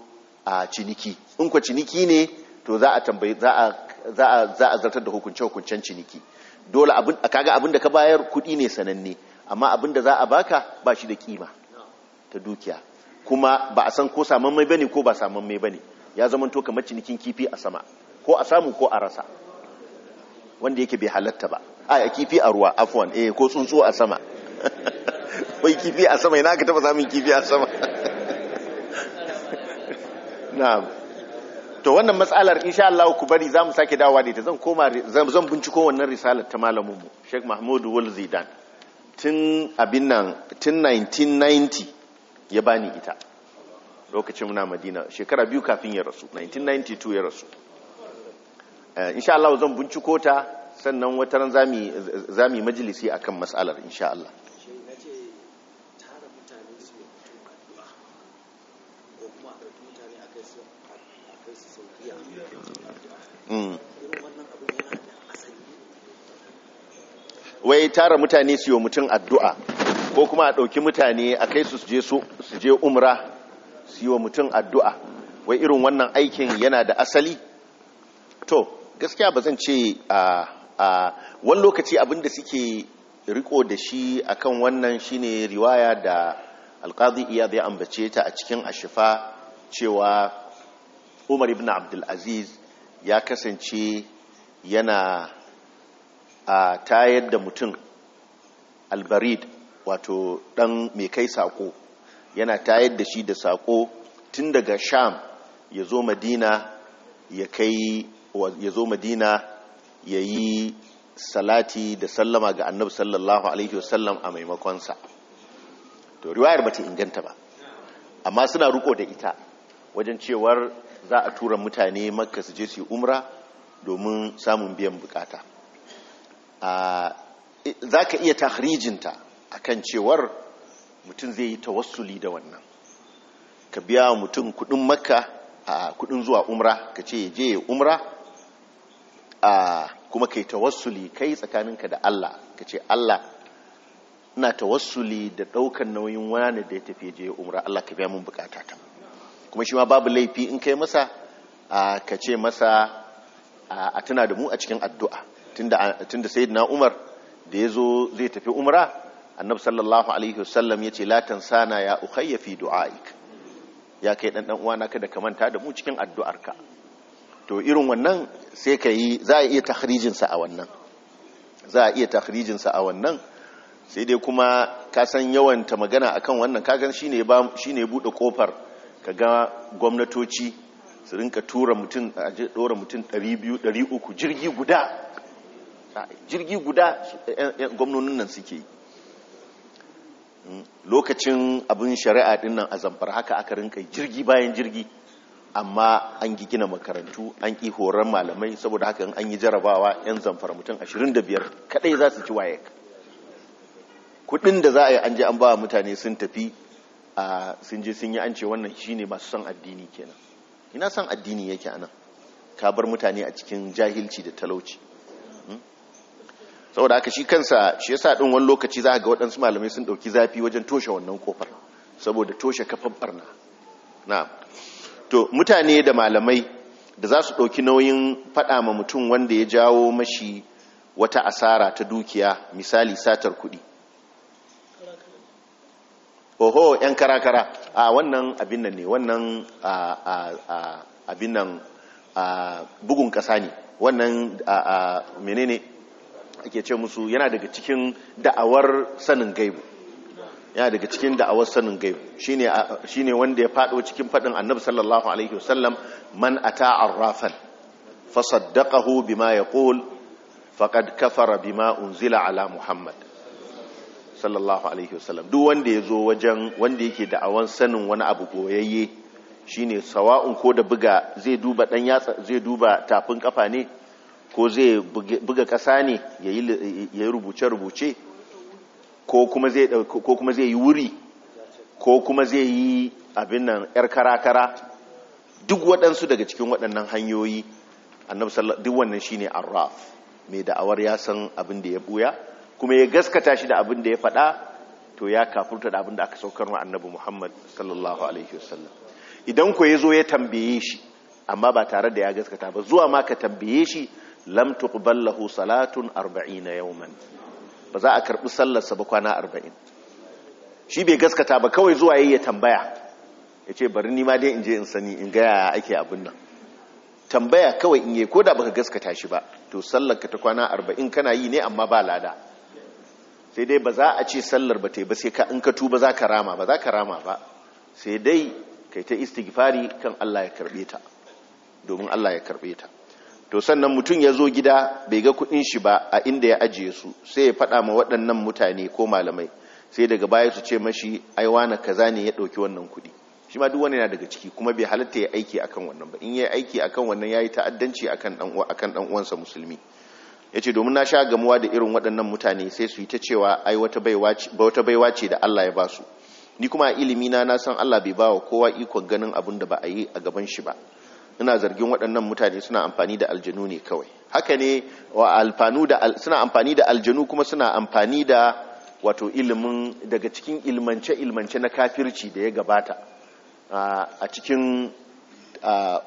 a ciniki in ku ciniki ne to za a tambayi za a za a za a zartar da hukunce hukuncen ciniki dole abin kaga abin da ka bayar kuɗi ne sananne amma abin da za a baka ba shi da kima ta dukiya kuma ba a san ko mai bane ko ba mai bane ya to kamar cinikin kifi a sama ko a samu ko a rasa wanda yake bai halatta ba a kifi a ruwa afuwan, eh ko tsuntsu a sama <laughs> wai kifi a sama ina ka taba samun kifi a sama <laughs> na'am to wannan matsalar insha Allah ku bari zamu sake dawowa da ita zan koma zan binciko wannan risalar ta malamin mu Sheikh Mahmud Wulzidan tun abin nan tun 1990 ya bani ita lokacin muna madina shekara biyu kafin ya rasu 1992 ya rasu eh, insha Allah zan binciko ta sannan wataran zami majalisi akan matsalar insha Allah mm. wai tara mutane su yi mutum addu'a ko kuma a ɗauki mutane a kai su je umra su yi wa mutum addu'a wai irin wannan aikin yana da asali to gaskiya ba zan ce a wani lokaci abin da suke riko da shi akan wannan shine riwaya da alkazi iya zai ambace ta a cikin ashifa cewa umar ibn abdulaziz ya kasance yana a tayar da mutum albarid wato dan mai kai sako yana tayar da shi da sako tun daga sham ya zo madina ya kai ya zo madina ya yi salati da sallama ga annabi sallallahu alaihi wasallam a maimakonsa to riwayar bata inganta ba amma suna ruko da ita wajen cewar za a tura mutane makka su je su umra domin samun biyan bukata ah, za ka iya tahrijinta akan cewar mutum zai yi tawassuli da wannan ka biya wa mutum kudin makka a kudin zuwa umra ka ce je umra a kuma yi tawassuli kai tsakaninka da Allah ka ce Allah ina tawassuli da daukan nauyin wani da ya tafi je umra Allah ka biya mun bukata ta kuma shi ma babu laifi in kai masa ka ce masa a tuna da mu a cikin addu'a tunda sayyidina Umar da ya zo zai tafi umra annab sallallahu alaihi wasallam ya ce latan sana ya ukhayya fi du'aik ya kai dan uwana kada ka manta da mu cikin addu'arka to irin wannan sai ka yi za a iya sa a wannan za a iya sa a wannan sai dai kuma ka san yawanta magana akan wannan kagan shine ba shine bude kofar ka ga gwamnatoci su rinka tura mutum a je dora mutum 200 300 jirgi guda jirgi guda gwamnonin nan suke yi lokacin abin shari'a din nan a zamfar haka aka rinka jirgi bayan jirgi amma an gi gina makarantu an ƙi horon malamai saboda haka an yi jarabawa 'yan zamfara mutum 25 kadai za su ci waye. kudin da za a yi an je an ba mutane sun tafi a sun je sun yi an ce wannan ne masu son addini kenan ina son addini yake anan ka bar mutane a cikin jahilci da talauci saboda haka shi kansa shi yasa din wani lokaci za ga waɗansu malamai sun ɗauki zafi wajen toshe wannan kofar saboda toshe kafan barna na to mutane da malamai da za su ɗauki nauyin faɗa ma mutum wanda ya jawo mashi wata asara ta dukiya misali satar kuɗi oho yan karakara a wannan abin nan ne wannan abin nan bugun ƙasa ne wannan menene ake ce musu yana daga cikin da'awar sanin gaibu yana daga cikin da'awar sanin gaibu shine wanda ya fado cikin fadin annabi sallallahu alaihi wasallam man ata arrafal fasaddaqahu bima yaqul faqad kafara bima unzila ala muhammad sallallahu alaihi wasallam duk wanda ya zo wajen wanda yake da'awan sanin wani abu goyayye shine sawa'un ko da buga zai duba dan zai duba tafin kafa ne ko zai buga ƙasa ne ya yi rubuce-rubuce ko kuma zai yi wuri ko kuma zai yi abin nan 'yar kara-kara duk waɗansu daga cikin waɗannan hanyoyi duk wannan shi ne arraf mai da'awar ya san abin da ya buya kuma ya gaskata shi da abin da ya faɗa to ya kafurta da abin da aka saukar wa annabi muhammad sallallahu alaihi wasallam idan ku ya zo ya tambaye shi amma ba tare da ya gaskata ba zuwa ma ka tambaye shi lam tuqbal lahu salatun 40 yawman ba za a karbi sallar ba kwana 40 shi bai gaskata ba kawai zuwa yayi ya tambaya yace bari ni ma dai in je in sani in ga yaya ake abin nan tambaya kawai in yi ko da baka gaskata shi ba to sallar ka ta kwana 40 kana yi ne amma ba lada sai dai ba za a ce sallar ba ta yi ba sai ka in ka tuba za ka rama ba za ka rama ba sai dai kai ta istighfari kan Allah ya karbe ta domin Allah ya karbe ta to sannan mutum ya zo gida bai ga kudin shi ba a inda ya ajiye su sai ya faɗa ma waɗannan mutane ko malamai sai daga baya su ce mashi aiwana kaza ne ya ɗauki wannan kudi shi ma duk wani yana daga ciki kuma bai halatta ya aiki akan wannan ba in ya aiki akan wannan ya yi ta'addanci akan dan uwansa musulmi ya ce domin na sha gamuwa da irin waɗannan mutane sai su yi ta cewa ai wata baiwa ce da Allah ya ba su ni kuma a ilimina na san Allah bai ba wa kowa ikon ganin abin da ba a yi a gaban shi ba ina zargin waɗannan mutane suna amfani da aljanu ne kawai haka ne suna amfani da aljanu kuma suna amfani da wato ilimin daga cikin ilmance ilmance na kafirci da ya gabata a cikin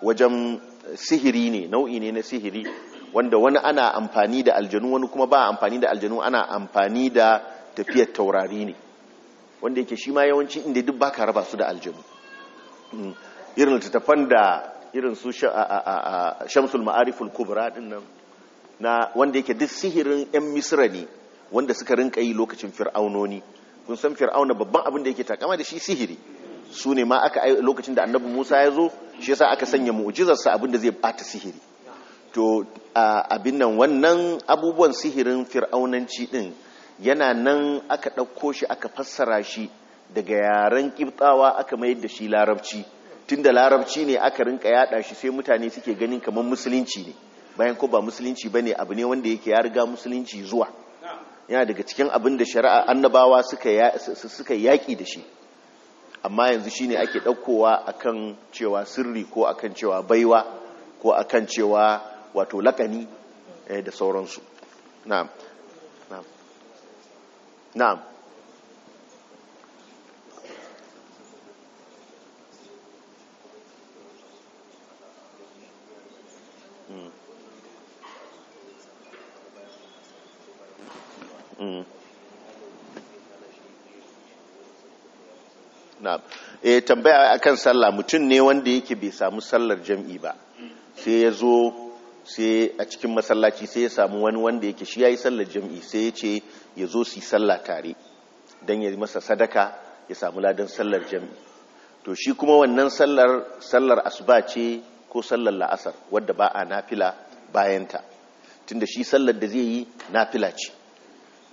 wajen sihiri ne nau'i ne na sihiri wanda wani ana amfani da aljanu wani kuma ba amfani da aljanu ana amfani da tafiyar taurari ne wanda yake shi ma yawanci inda duk baka raba su da aljanu hmm. irin littattafan da irin su shamsul ma'ariful kubra din nan na wanda yake duk sihirin 'yan misra ne wanda suka rinka yi lokacin fir'aunoni kun san fir'auna babban abin da yake takama da shi sihiri su ne ma aka lokacin da annabi musa ya zo shi yasa aka sanya mu'jizarsa abin da zai bata sihiri to abin nan wannan abubuwan sihirin fir'aunanci din yana nan aka ɗauko shi aka fassara shi daga yaren kibtawa aka mayar da shi larabci tun da larabci ne aka rinka yada shi sai mutane suke ganin kamar musulunci ne bayan ko ba musulunci ba ne, abu ne wanda yake ya riga musulunci zuwa yana daga cikin abin da shari'a annabawa suka yaƙi yaki da shi amma yanzu shine ake ɗaukowa akan cewa sirri ko akan cewa baiwa ko akan cewa wato lakani eh, da sauransu na'am na'am Mm. eh tambaya akan sallah mutum ne wanda yake bai samu sallar jam'i ba sai ya zo sai a cikin masallaci sai ya samu wani wanda yake shi yayi sallar jam'i sai ya ce ya zo su sallah tare dan ya masa sadaka ya samu ladan sallar jam'i to shi kuma wannan sallar sallar asuba ce ko sallar la'asar wadda ba a nafila bayanta tunda shi sallar da zai yi nafila ce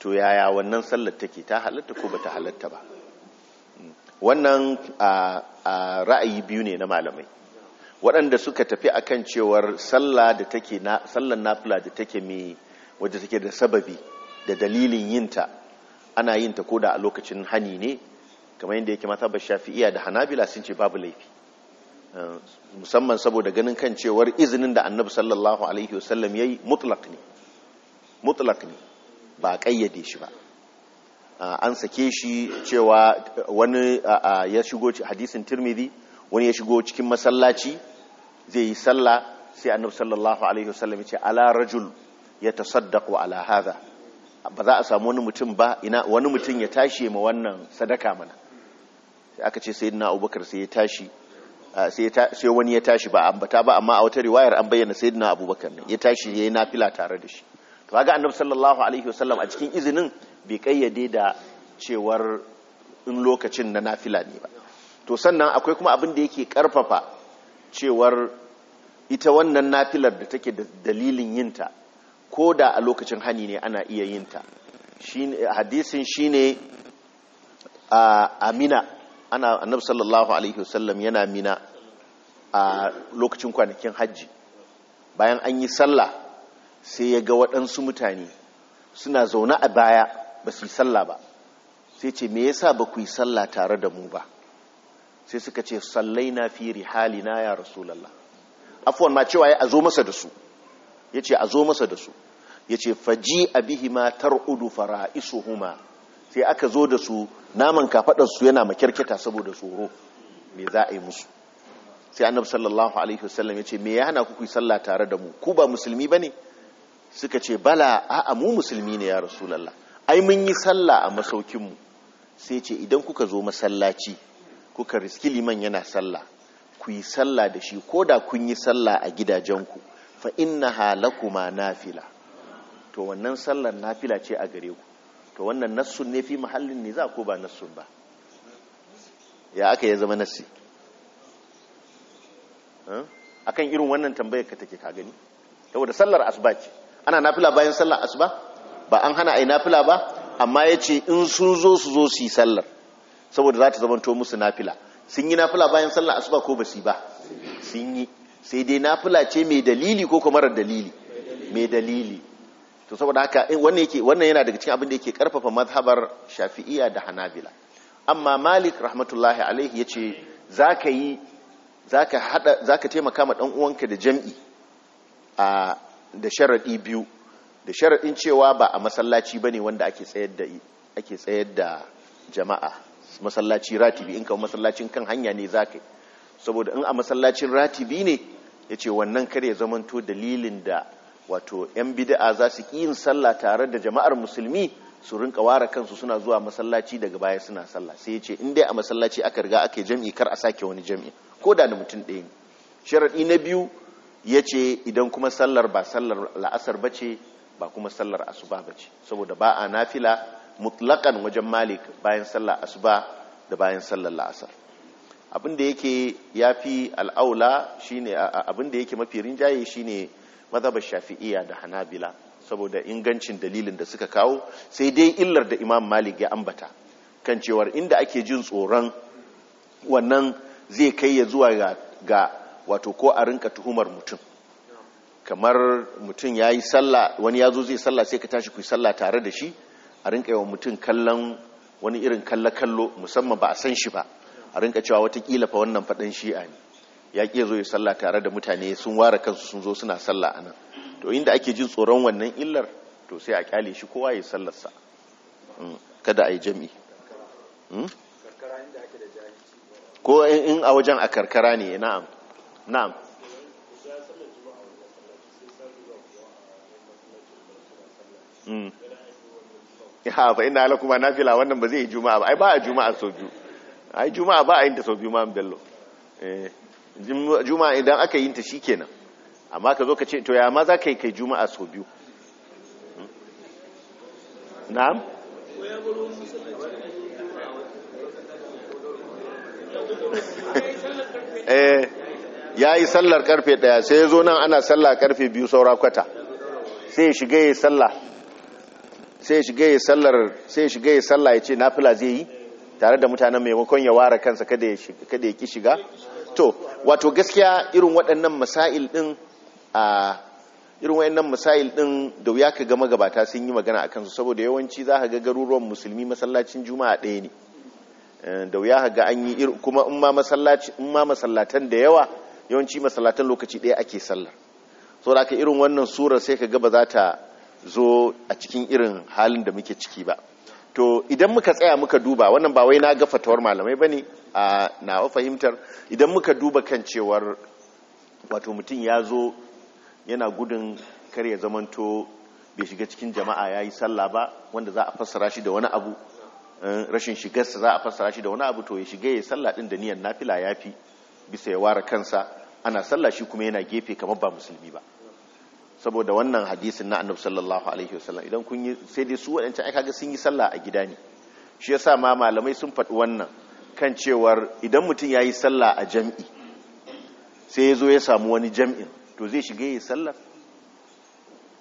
to yaya wannan sallar take ta halatta ko bata halatta ba wannan ra'ayi biyu ne na malamai waɗanda suka tafi a kan cewar sallah da sallar nafila da take mai wadda take da sababi da dalilin yinta ana yinta ko da a lokacin hani ne kamar yadda yake mata ba shafi'iya da hanabila sun ce babu laifi musamman saboda ganin kan cewar izinin da annabi sallallahu alaihi wasallam yayi mutlak mutlaq ne ba a ƙayyade shi ba an sake shi cewa wani ya shigo hadisin tirmidhi wani ya shigo cikin masallaci zai yi sallah sai annabi sallallahu alaihi wasallam ya ce ala rajul ya tasaddaqu ala hadha ba za a samu wani mutum ba ina wani mutum ya tashi ma wannan sadaka mana sai aka ce sayyidina abubakar sai ya tashi sai wani ya tashi ba ambata ba amma a wata riwayar an bayyana sayyidina abubakar ne ya tashi yayi fila tare da shi to ga annabi sallallahu alaihi wasallam a cikin izinin bai kayyade da cewar in lokacin na nafila ne ba to sannan akwai kuma abin da yake karfafa cewar ita wannan nafilar da take da dalilin yinta ko da a lokacin hani ne ana iya yinta hadisin shine a amina ana annabi sallallahu alaihi wasallam yana mina a lokacin kwanakin hajji bayan an yi sallah sai ya ga waɗansu mutane suna zaune a baya ba su yi sallah ba sai ce me yasa ba ku yi sallah tare da mu ba sai suka ce sallai na fi na ya rasulallah afuwan ma cewa ya a zo masa da su ya ce a zo masa da su ya ce faji abihima tar'udu huma. sai aka zo da su naman kafaɗarsu yana makirkita saboda tsoro me za a yi musu sai annabi sallallahu alaihi wasallam ya ce me ya hana ku yi sallah tare da mu ku ba musulmi ba ne suka ce bala a'a mu musulmi ne ya rasulallah ai mun yi sallah a masaukinmu sai ce idan kuka zo masallaci kuka riski liman yana sallah ku yi sallah da shi ko da kun yi sallah a gidajenku fa inna halakuma nafila to wannan sallar nafila ce a gare ku to wannan nassun ne fi mahallin ne za ko ba nassun ba ya aka ya zama nassi akan irin wannan tambayar ka take ka gani saboda sallar asuba ce ana nafila bayan sallar asuba ba an hana ai nafila ba amma yace in sun zo su zo su yi sallar saboda za ta zamanto musu nafila sun yi nafila bayan sallar asuba ko ba su ba sun yi sai dai nafila ce mai dalili ko kuma marar dalili mai dalili to saboda haka eh, wannan yake wannan yana daga cikin abin da yake karfafa mazhabar shafi'iyya da hanabila amma malik rahmatullahi alaihi yace zaka yi zaka hada zaka taimaka ma ɗan uwanka da jam'i a da sharaɗi biyu da sharaɗin cewa ba a masallaci ba ne wanda ake tsayar da jama'a masallaci ratibi in kawo masallacin kan hanya ne za ka yi saboda in a masallacin ratibi ne ya ce wannan kar ya zamanto dalilin da wato 'yan bida'a za su ƙi yin sallah tare da jama'ar musulmi su rinka ware kansu suna zuwa masallaci daga baya suna sallah sai ya ce in dai a masallaci aka riga aka jami'i kar a sake wani jami'i ko da na mutum ɗaya sharaɗi na biyu ya ce idan kuma sallar ba sallar la'asar ba ce ba kuma sallar asuba ba ce saboda ba a nafila mutlakan wajen malik bayan sallar asuba da bayan sallar la'asar abinda yake ya fi al'aula shine abinda yake mafi rinjaye shine mazhabar shafi'iya da hanabila saboda ingancin dalilin da suka kawo sai dai illar da imam malik ya ambata kan cewar inda ake jin tsoron wannan zai kai ya zuwa ga wato ko a rinka tuhumar mutum kamar mutum ya yi sallah wani ya zo zai sallah sai ka tashi ku yi sallah tare da shi a rinka yawan mutum kallon wani irin kallo-kallo musamman ba a san shi ba a rinka cewa watakila fa wannan faɗin shi'a ne ya ƙi zo ya sallah tare da mutane sun ware kansu sun zo suna sallah anan, to inda ake jin tsoron wannan illar to sai a kyale shi kowa ya sallarsa mm, kada a yi jam'i hmm? ko in a wajen a karkara ne na'am na'am hmm. ha fa ina ala kuma nafila wannan ba zai yi juma'a ba ai ba a juma'a sau biyu ai juma'a ba a yin ta sau biyu ma eh juma'a idan aka yin ta shikenan amma ka zo ka ce to ya ma za ka yi kai juma'a sau biyu hmm. na'am <laughs> eh ya yi sallar karfe daya sai ya zo nan ana sallar karfe biyu saura kwata sai ya shiga ya salla sai ya shiga ya sallar sai ya shiga ya salla ya ce nafila zai yi tare da mutanen maimakon ya ware kansa kada ya ki shiga to wato gaskiya irin waɗannan masail ɗin a irin waɗannan masail din da wuya ka ga magabata sun yi magana akan su saboda yawanci za ka ga garuruwan musulmi masallacin juma'a ɗaya ne eh, da wuya ga an yi kuma in ma masallatan da yawa yawanci masallatan lokaci ɗaya ake sallar so da irin wannan surar sai ka gaba za ta zo a cikin irin halin da muke ciki ba to idan muka tsaya muka duba wannan ba wai na ga fatawar malamai bane a na fahimtar idan muka duba kan cewar wato mutum ya zo yana gudun kar ya zamanto bai shiga cikin jama'a ya yi sallah ba wanda za a fassara shi da wani abu eh, rashin shigarsa za a fassara shi da wani abu to ya shiga ya yi sallah din da niyan nafila ya fi bisa ya ware kansa ana sallah shi kuma yana gefe kamar ba musulmi ba saboda wannan hadisin na annabi sallallahu alaihi wasallam idan kun yi sai dai su wadancan ai kaga sun yi sallah a gida ne shi yasa ma malamai sun faɗi wannan kan cewar idan mutum ya yi sallah a jam'i sai ya zo ya samu wani jam'in to zai shiga ya yi sallar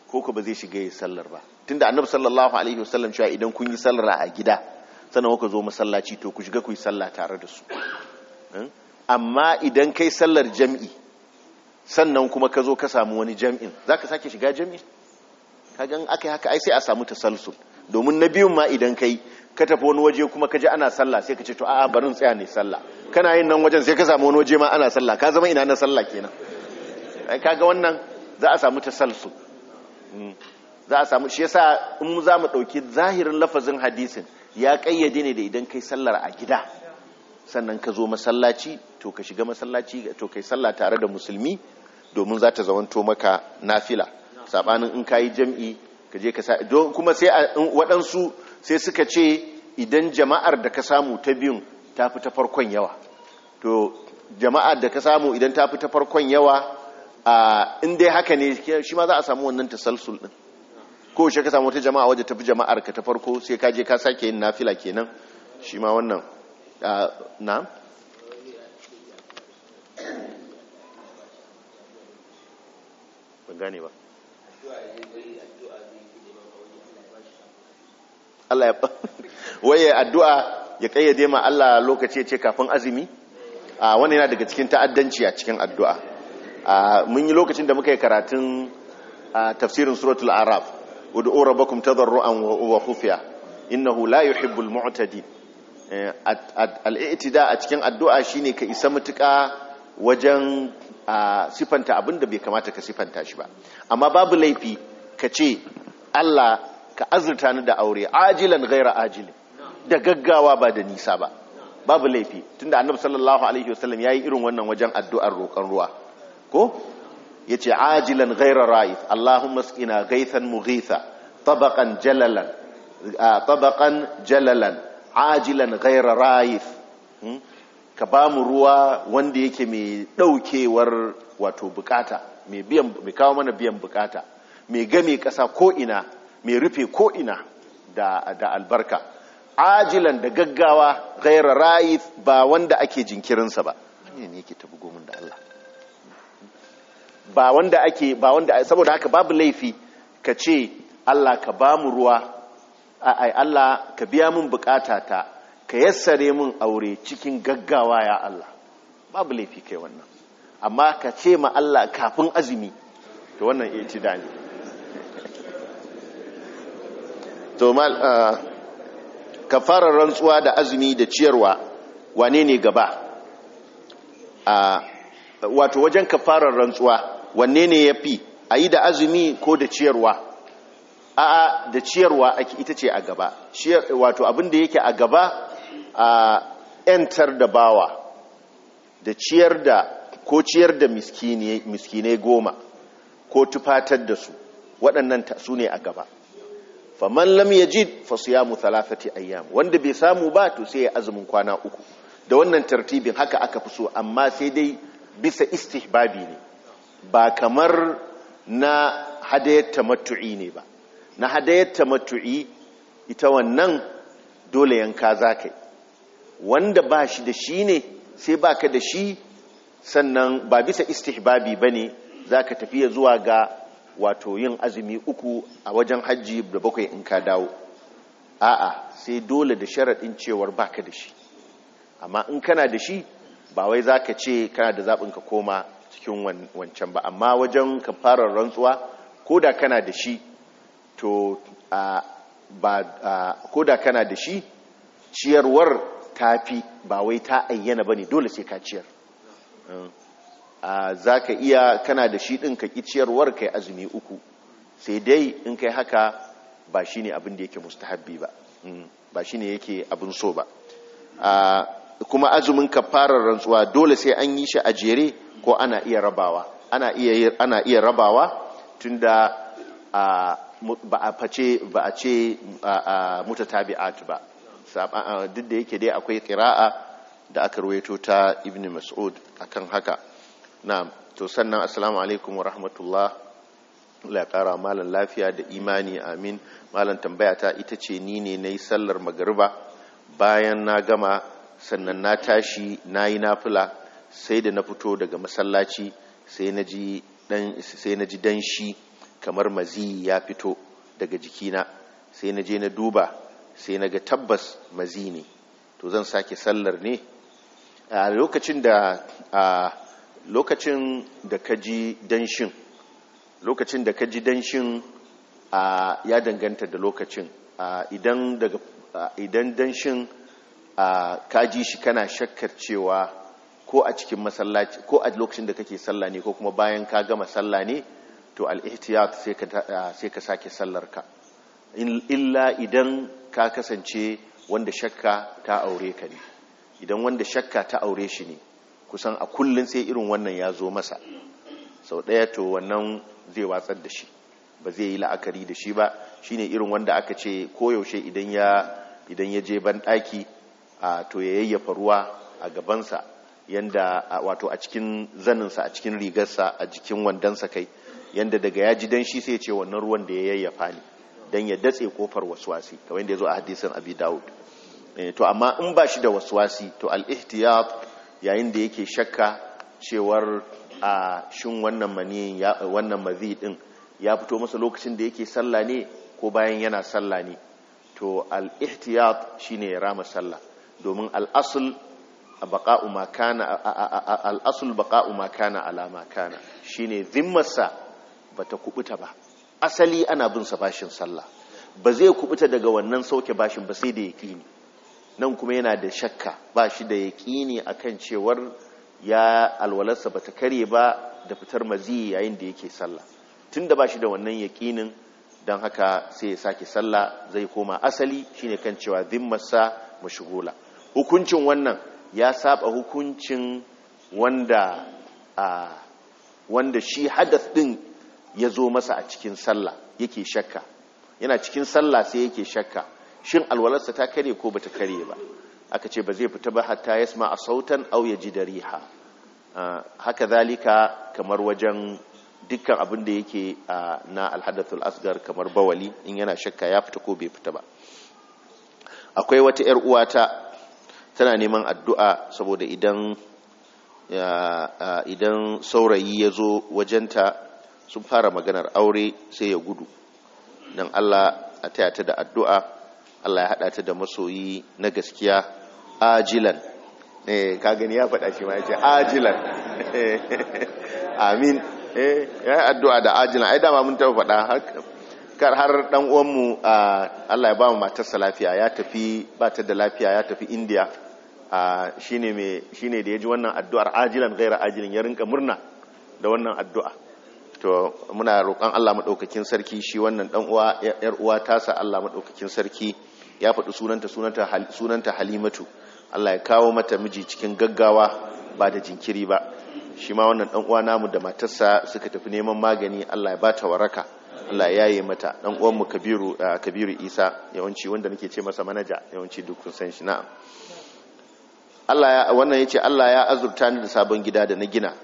ko ka ba zai shiga ya yi sallar ba tunda annabi sallallahu alaihi wasallam cewa idan kun yi sallar a gida sannan kuka zo masallaci to ku shiga ku yi sallah tare da su hmm? amma idan kai sallar jam'i sannan kuma ka zo ka samu wani jam'in za ka sake shiga jam'i kagan aka yi haka ai sai a samu ta tasalsul domin na biyun ma idan kai ka tafi wani waje kuma ka ji ana sallah sai ka ce to a barin tsaya ne sallah kana yin nan wajen sai ka samu wani waje ma ana sallah ka zama ina na sallah kenan kaga wannan za a samu ta tasalsul hmm. za a samu shi yasa in mu za mu dauki zahirin lafazin hadisin ya kayyade ne da idan kai sallar a gida sannan ka zo masallaci to ka shiga masallaci to kai sallah tare da musulmi domin za ta zamanto maka nafila sabanin in yi jam'i ka je ka sa kuma sai waɗansu sai suka ce idan jama'ar da ka samu ta biyun ta fi ta farkon yawa to jama'ar da ka samu idan ta fi ta farkon yawa a in dai haka ne shi ma za a samu wannan tasalsul din ko shi ka samu wata jama'a waje tafi jama'ar ka ta farko sai ka je ka sake yin nafila kenan shi ma wannan na ban gane ba Allah ya waye addu'a ya kayyade ma Allah lokaci ce kafin azumi a wannan yana daga cikin ta'addanci a cikin addu'a mun yi lokacin da muka yi karatun tafsirin suratul araf ud'u rabbakum tadarruan wa khufya innahu la yuhibbul mu'tadin Eh, al'itida a cikin addu'a shine ka isa mutuka wajen sifanta abin da bai kamata ka sifanta shi ba amma babu laifi ka ce Allah ka azurta ni da aure ajilan gaira ajilin da gaggawa ba da nisa ba babu laifi tunda annabu sallallahu alaihi wasallam yi irin wannan wajen addu'ar roƙon ruwa ko yace ajilan gaira ra'if Allahumma gaisan gaithan mughitha tabaqan jalalan jalalan ajilan gaira ra'if hmm? ka ba mu ruwa wanda yake mai daukewar wato bukata mai kawo mana biyan bukata mai game kasa ko'ina mai rufe ko'ina da, albarka ajilan da gaggawa gaira ra'if ba wanda ake jinkirinsa ba wani ne yake tabi gomin da Allah ba wanda ake ba wanda saboda haka babu laifi ka ce Allah ka ba mu ruwa ai Allah ka biya min bukata ta ka yassare min aure cikin gaggawa ya Allah babu laifi kai wannan amma ka ce ma Allah kafin azumi to wannan ci ne to mal kafarar rantsuwa da azumi da ciyarwa wane ne gaba a wato wajen kafarar rantsuwa wanne ne yafi ayi da azumi ko da ciyarwa a'a da ciyarwa ita ce a gaba wato abin da yake a gaba a ‘yantar da bawa da ciyar da ko ciyar da miskinai goma ko tufatar da su waɗannan su ne a gaba faman lam ya ji fasiyamu talafati ayyam wanda bai samu ba to sai ya azumin kwana uku da wannan tartibin haka aka fi so amma sai dai bisa istihbabi ne ba kamar na hadayar tamattu'i ne ba na hadayar matu'i ita wannan dole yanka za ka yi wanda ba shi da shi ne sai ba ka da shi sannan ba bisa istihbabi ba ne za ka tafiya zuwa ga wato yin azumi uku a wajen hajji da bakwai in ka dawo a'a sai dole da sharaɗin cewar baka da shi amma in kana da shi ba wai za ka ce kana da zaɓin ka koma cikin wancan ba amma wajen fara rantsuwa ko da kana da shi to ba ko da kana da shi ciyarwar ta fi ba wai ta ayyana ba ne dole sai ka ciyar eh, za ka iya kana da shi ɗin ka ƙi ciyarwar ka yi azumi uku sai dai in kai haka ba shi ne abin da yake mustahabbi ba mm, ba shi ne yake abin so ba kuma azumin ka farar rantsuwa dole sai an yi shi a jere ko ana iya rabawa ana iya rabawa tunda a ba a face ba a ce tabi'at ba duk da yake dai akwai kira'a da aka ruwaito ta ibn mas'ud akan haka na to sannan assalamu alaikum wa rahmatullah la kara malan lafiya da imani amin malan tambaya ta ita ce ni ne na yi sallar magariba bayan na gama sannan na tashi na nayi fula sai da na fito daga masallaci sai na ji dan sai na danshi kamar mazi ya fito daga jikina sai na je na duba sai na ga tabbas mazi ne to zan sake sallar ne a lokacin da a lokacin da ka ji danshin lokacin da ka ji danshin a ya danganta da lokacin idan danshin ka ji shi kana shakkar cewa ko a cikin masallaci ko a lokacin da kake sallah ne ko kuma bayan ka gama sallah ne to al eh, sai ka sake sallarka illa idan ka kasance wanda shakka ta aure ka ne idan wanda shakka ta aure shi ne kusan a kullun sai irin wannan ya zo masa sau ɗaya to wannan zai watsar da shi ba zai yi la'akari da shi ba shine irin wanda aka ce koyaushe idan ya je ban ɗaki to ya yayyafa ruwa a gabansa yanda wato a cikin zaninsa a cikin rigarsa a jikin wandonsa kai yanda daga ya ji danshi sai ce wannan ruwan da ya yayyafa ne dan ya datse kofar waswasi kamar yadda zo a hadisin Abi Dawud eh, to amma in ba shi da waswasi to al-ihtiyat yayin da yake shakka cewar a shin wannan mani wannan mazi din ya fito masa lokacin da yake sallah ne ko bayan yana sallah ne to al-ihtiyat shine ya rama sallah domin al-asl baqa'u ma kana al-asl baqa'u ma kana ala ma kana shine zimmarsa ba ta kubuta ba asali ana bin sa bashin sallah ba zai kubuta daga wannan sauke bashin ba sai da yaƙini nan kuma yana da shakka ba shi da yaƙini akan cewar ya alwalarsa ba ta kare ba da fitar mazi yayin da yake sallah tunda da ba shi da wannan yaƙinin dan haka sai ya sake sallah zai koma asali shine kan cewa zimmarsa mashghula hukuncin wannan ya saba hukuncin wanda a wanda shi hadas din ya zo masa a cikin sallah yake shakka yana cikin sallah sai yake shakka shin alwalarsa ta kare ko bata kare ba aka ce ba zai fita ba hatta yasma a sautan aw yaji dariha ah, haka zalika kamar wajen dukkan abin da yake ah, na alhadathul asgar kamar bawali in yana shakka ya fita ko bai fita ba akwai wata yar uwata tana neman addu'a saboda idan ah, idan saurayi yazo zo wajenta sun fara maganar aure sai ya gudu don Allah a taya ta da addu'a Allah ya haɗa ta da masoyi na gaskiya ajilan eh ka gani ya faɗa shi ma ya ce ajilan <laughs> amin eh ya addu'a da ajilan ai dama mun taɓa faɗa kar har dan uwanmu Allah ya ba mu matarsa lafiya ya tafi ba ta da lafiya ya tafi India shine ne shine da yaji wannan addu'ar ajilan gaira ajilin ya rinka murna da wannan addu'a to muna roƙon Allah maɗaukakin sarki shi wannan ɗan uwa yar uwa tasa Allah maɗaukakin sarki ya faɗi sunanta sunanta sunanta Halimatu Allah ya kawo mata miji cikin gaggawa ba da jinkiri ba shi ma wannan ɗan uwa namu da matarsa suka tafi neman magani Allah ya bata waraka Allah ya yaye mata ɗan uwan mu Kabiru Kabiru Isa yawanci wanda nake ce masa manaja yawanci duk kun san shi na'am Allah ya wannan yace Allah ya azurta ni da sabon gida da na gina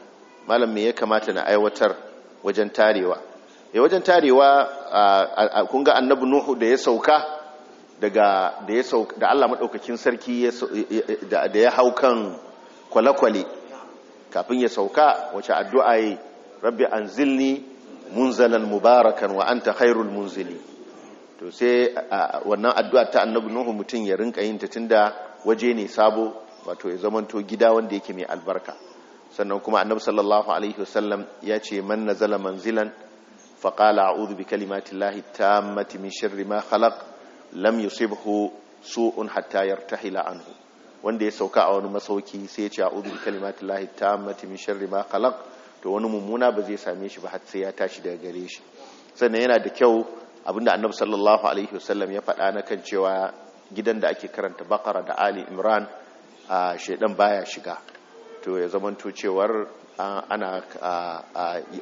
malam me ya kamata na aiwatar wajen tarewa ya eh, wajen tarewa kun ga annabi nuhu da ya sauka daga da ya sauka da Allah maɗaukakin sarki da ya hau kan kwale-kwale kafin ya sauka wace addu'a yi rabbi zilni munzalan mubarakan wa ta hairul munzili to sai wannan addu'a ta annabi nuhu mutum ya rinka yin ta tunda waje ne sabo wato ya zamanto gida wanda yake mai albarka sannan kuma annabi sallallahu alaihi wasallam ya ce man nazala manzilan faqala a'udhu bi kalimatillahi tammati min sharri ma khalaq lam yusibhu su'un hatta yartahila anhu wanda ya sauka a wani masauki sai ya ce a'udhu bi kalimatillahi tammati min sharri ma khalaq to wani mummuna ba zai same shi ba har sai ya tashi daga gare shi sannan yana da kyau abinda annabi sallallahu alaihi wasallam ya faɗa na kan cewa gidan da ake karanta bakara da ali imran a shaidan baya shiga to ya zamanto cewar ana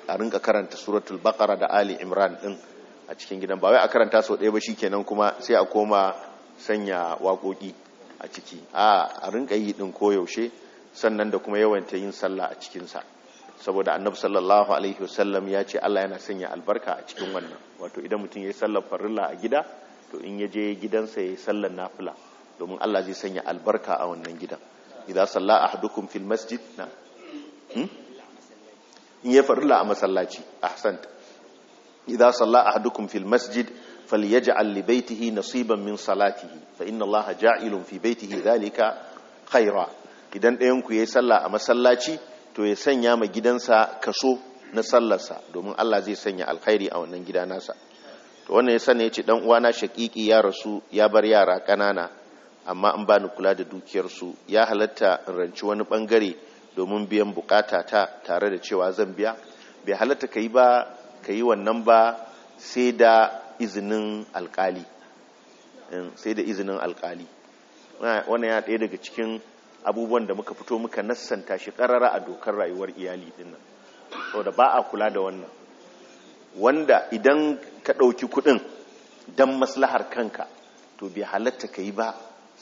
a rinka karanta suratul bakara da ali imran din a cikin gidan ba a karanta sau ɗaya ba shi kenan kuma sai a koma sanya waƙoƙi a ciki a rinka yi din koyaushe sannan da kuma yawanta yin sallah a cikinsa saboda annabi sallallahu alaihi wasallam ya ce Allah yana sanya albarka a cikin wannan wato idan mutum ya yi sallar farilla a gida to in ya je gidansa ya yi sallar nafila domin Allah zai sanya albarka a wannan gidan idza salla ahadukum fil masjid na in ya farilla a masallaci ahsanta idza salla ahadukum fil masjid falyaj'al li baytihi nasiban min salatihi fa inna allaha ja'ilun fi baytihi dhalika khaira idan ɗayanku ku yayi sallah a masallaci to ya sanya ma gidansa kaso na sallarsa domin Allah zai sanya alkhairi a wannan gida nasa to wannan ya sanya ya ce dan uwana shaqiqi ya rasu ya bar yara kanana amma an bani kula da dukiyarsu ya halatta in ranci wani bangare domin biyan bukata ta tare da cewa zan biya bai halatta ka yi ba ka wannan ba sai da izinin alkali eh, sai da izinin alkali wannan ya ɗaya daga cikin abubuwan da muka fito muka nassanta shi karara a dokar rayuwar iyali dinnan saboda ba a kula da wannan wanda idan ka ɗauki kuɗin don maslahar kanka to bai halatta ka yi ba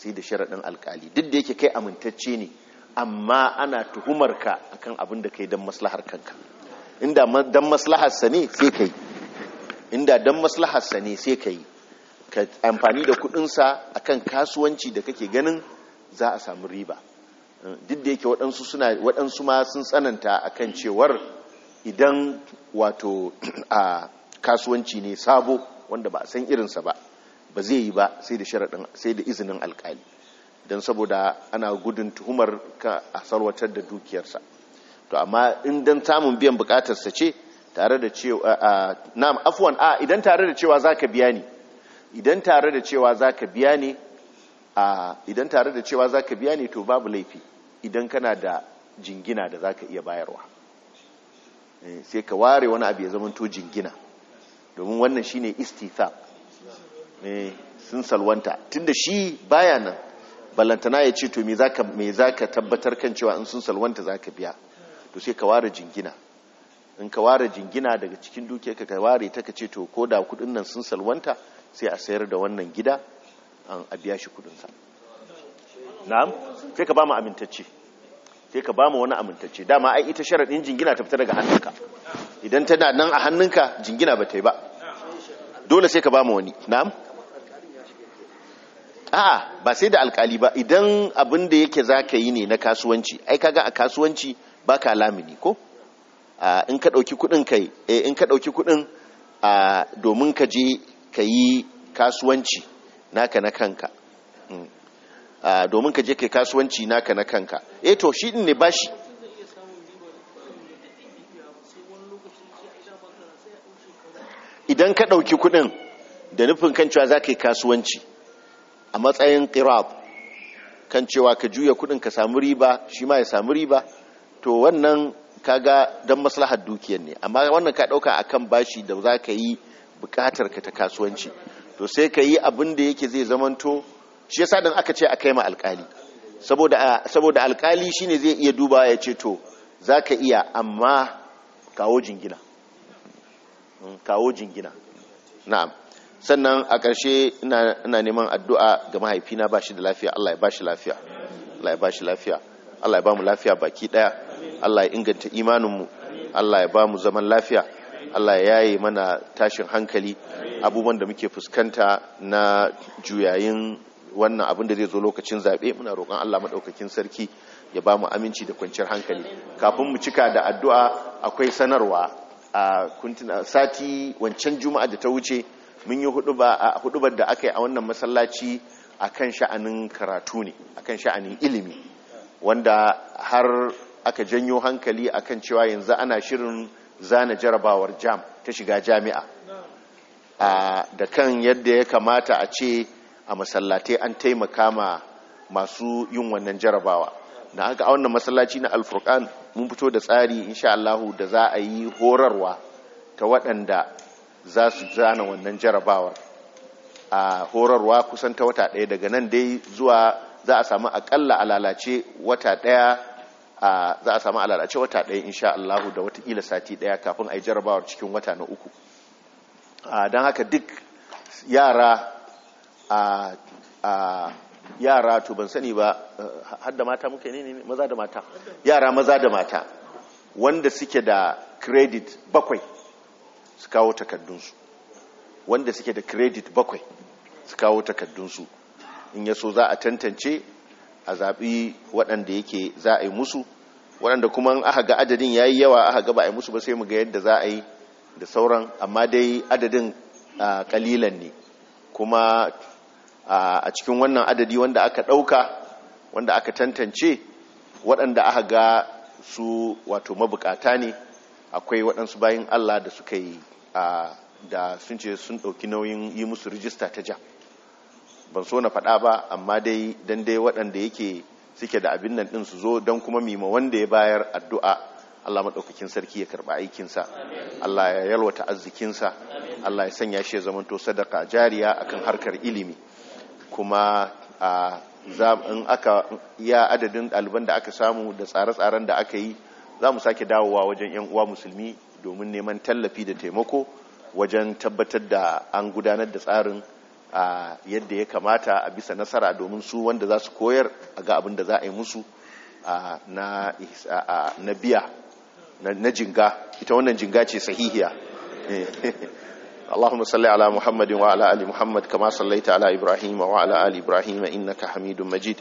sai da sharaɗin alkali duk da yake kai amintacce ne amma ana tuhumar ka akan abin da kai don maslahar kanka inda don maslahar sa ne sai yi inda don maslahar sa ne sai yi ka amfani da kudinsa akan kasuwanci da kake ganin za a samu riba duk da yake waɗansu suna waɗansu ma sun tsananta akan cewar idan wato <clears throat> a kasuwanci ne sabo wanda ba a san irinsa ba ba zai yi ba sai da sai da izinin alkali don saboda ana gudun tuhumar ka a salwatar da dukiyarsa to amma inda samun biyan bukatarsa ce tare da cewa na afuwan a idan tare da cewa za biya ni biya ne to babu laifi idan kana da jingina da za ka iya bayarwa eh, sai ka ware wani abu ya zama to jingina domin wannan shine istithab sun salwanta tunda shi baya nan ballantana ya ce to me zaka me zaka tabbatar kan cewa in sun salwanta zaka biya to sai ka ware jingina in ka ware jingina daga cikin duke ka ka ware ta ka ce to koda kudin nan sun salwanta sai a sayar da wannan gida an a biya shi kudin sa na'am sai ka ba mu amintacce sai ka ba mu wani amintacce dama ai ita sharadin jingina ta fita daga hannunka idan tana nan a hannunka jingina ba ta yi ba dole sai ka ba mu wani na'am a'a ba sai da alkali ba idan abin da yake za ka yi ne na kasuwanci ai kaga a kasuwanci ba ka lamini ko in ka ɗauki kuɗin kai eh, in ka ɗauki kuɗin domin ka je ka yi kasuwanci naka na kanka hmm. domin ka je ka yi kasuwanci naka na kanka e to shi ɗin ne ba shi idan ka ɗauki kuɗin da nufin kan cewa za ka yi kasuwanci a matsayin qirab kan cewa ka juya kudin ka samu riba shi ma ya samu riba to wannan kaga dan maslahar dukiyar ne amma wannan ka dauka akan bashi da za ka yi bukatar ka ta kasuwanci to sai ka yi abin da yake zai zamanto shi yasa dan aka ce a kai ma alkali saboda saboda alkali shine zai iya duba ya ce to za ka iya amma kawo jingina hmm, kawo jingina na'am sannan a ƙarshe ina neman addu'a ga mahaifina ba shi da lafiya Allah ya ba shi lafiya Allah ya ba shi lafiya Allah ya ba mu lafiya baki ɗaya Allah ya inganta imaninmu Allah ya ba mu zaman lafiya Allah ya yaye mana tashin hankali abubuwan da muke fuskanta na juyayin wannan abin da zai zo lokacin zaɓe muna roƙon Allah maɗaukakin sarki ya ba mu aminci da kwanciyar hankali kafin mu cika da addu'a akwai sanarwa a sati wancan juma'a da ta wuce mun yi hudubar da aka yi a wannan masallaci kan sha'anin karatu ne kan sha'anin ilimi wanda har aka janyo hankali a kan cewa yanzu ana shirin zana jarabawar jam ta shiga jami'a da kan yadda ya kamata a ce a masallatai an taimaka ma masu yin wannan jarabawa na aka a wannan masallaci na alfurkan mun fito da tsari insha Allahu da za a yi horarwa ta waɗanda za su zana wannan jarabawar a horarwa kusan ta wata ɗaya daga nan dai zuwa za a samu akalla alalace wata ɗaya za a samu alalace wata ɗaya insha Allahu da watakila sati ɗaya kafin a yi jarabawar cikin wata na uku don haka duk yara a yara to ban sani ba eh, har da mata muke ne ne maza da mata yara maza da mata wanda suke da credit bakwai su kawo takaddunsu wanda suke da credit bakwai su kawo takaddunsu in yaso za a tantance a zaɓi waɗanda yake za a yi musu waɗanda kuma aka ga adadin ya yi yawa aka ga ba a yi musu ba sai mu ga yadda za a yi da sauran amma dai adadin ƙalilan ne kuma a cikin wannan adadi wanda aka ɗauka wanda aka tantance waɗanda aka ga su wato mabukata ne akwai waɗansu bayan Allah da suka yi da sun ce sun ɗauki nauyin yi musu rijista ta jam ban so na faɗa ba amma dai don dai waɗanda yake suke da abin nan ɗin su zo don kuma mima wanda ya bayar addu'a Allah maɗaukakin sarki ya karɓa aikinsa Allah ya yalwata arzikinsa Allah ya sanya shi ya zamanto sadaka jariya akan harkar ilimi kuma a in aka ya adadin ɗaliban da aka samu da tsare-tsaren da aka yi za mu sake dawowa wajen 'yan uwa musulmi domin neman tallafi da taimako wajen tabbatar da an gudanar da tsarin a yadda ya kamata a bisa nasara domin su wanda za su koyar a ga abin da za a yi musu na biya na jinga ita wannan jinga ce sahihiya eh. <laughs> اللهم صل على محمد وعلى ال محمد كما صليت على ابراهيم وعلى ال ابراهيم انك حميد مجيد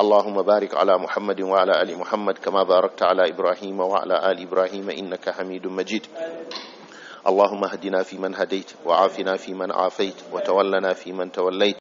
اللهم بارك على محمد وعلى ال محمد كما باركت على ابراهيم وعلى ال ابراهيم انك حميد مجيد اللهم اهدنا فيمن هديت وعافنا فيمن عافيت وتولنا فيمن توليت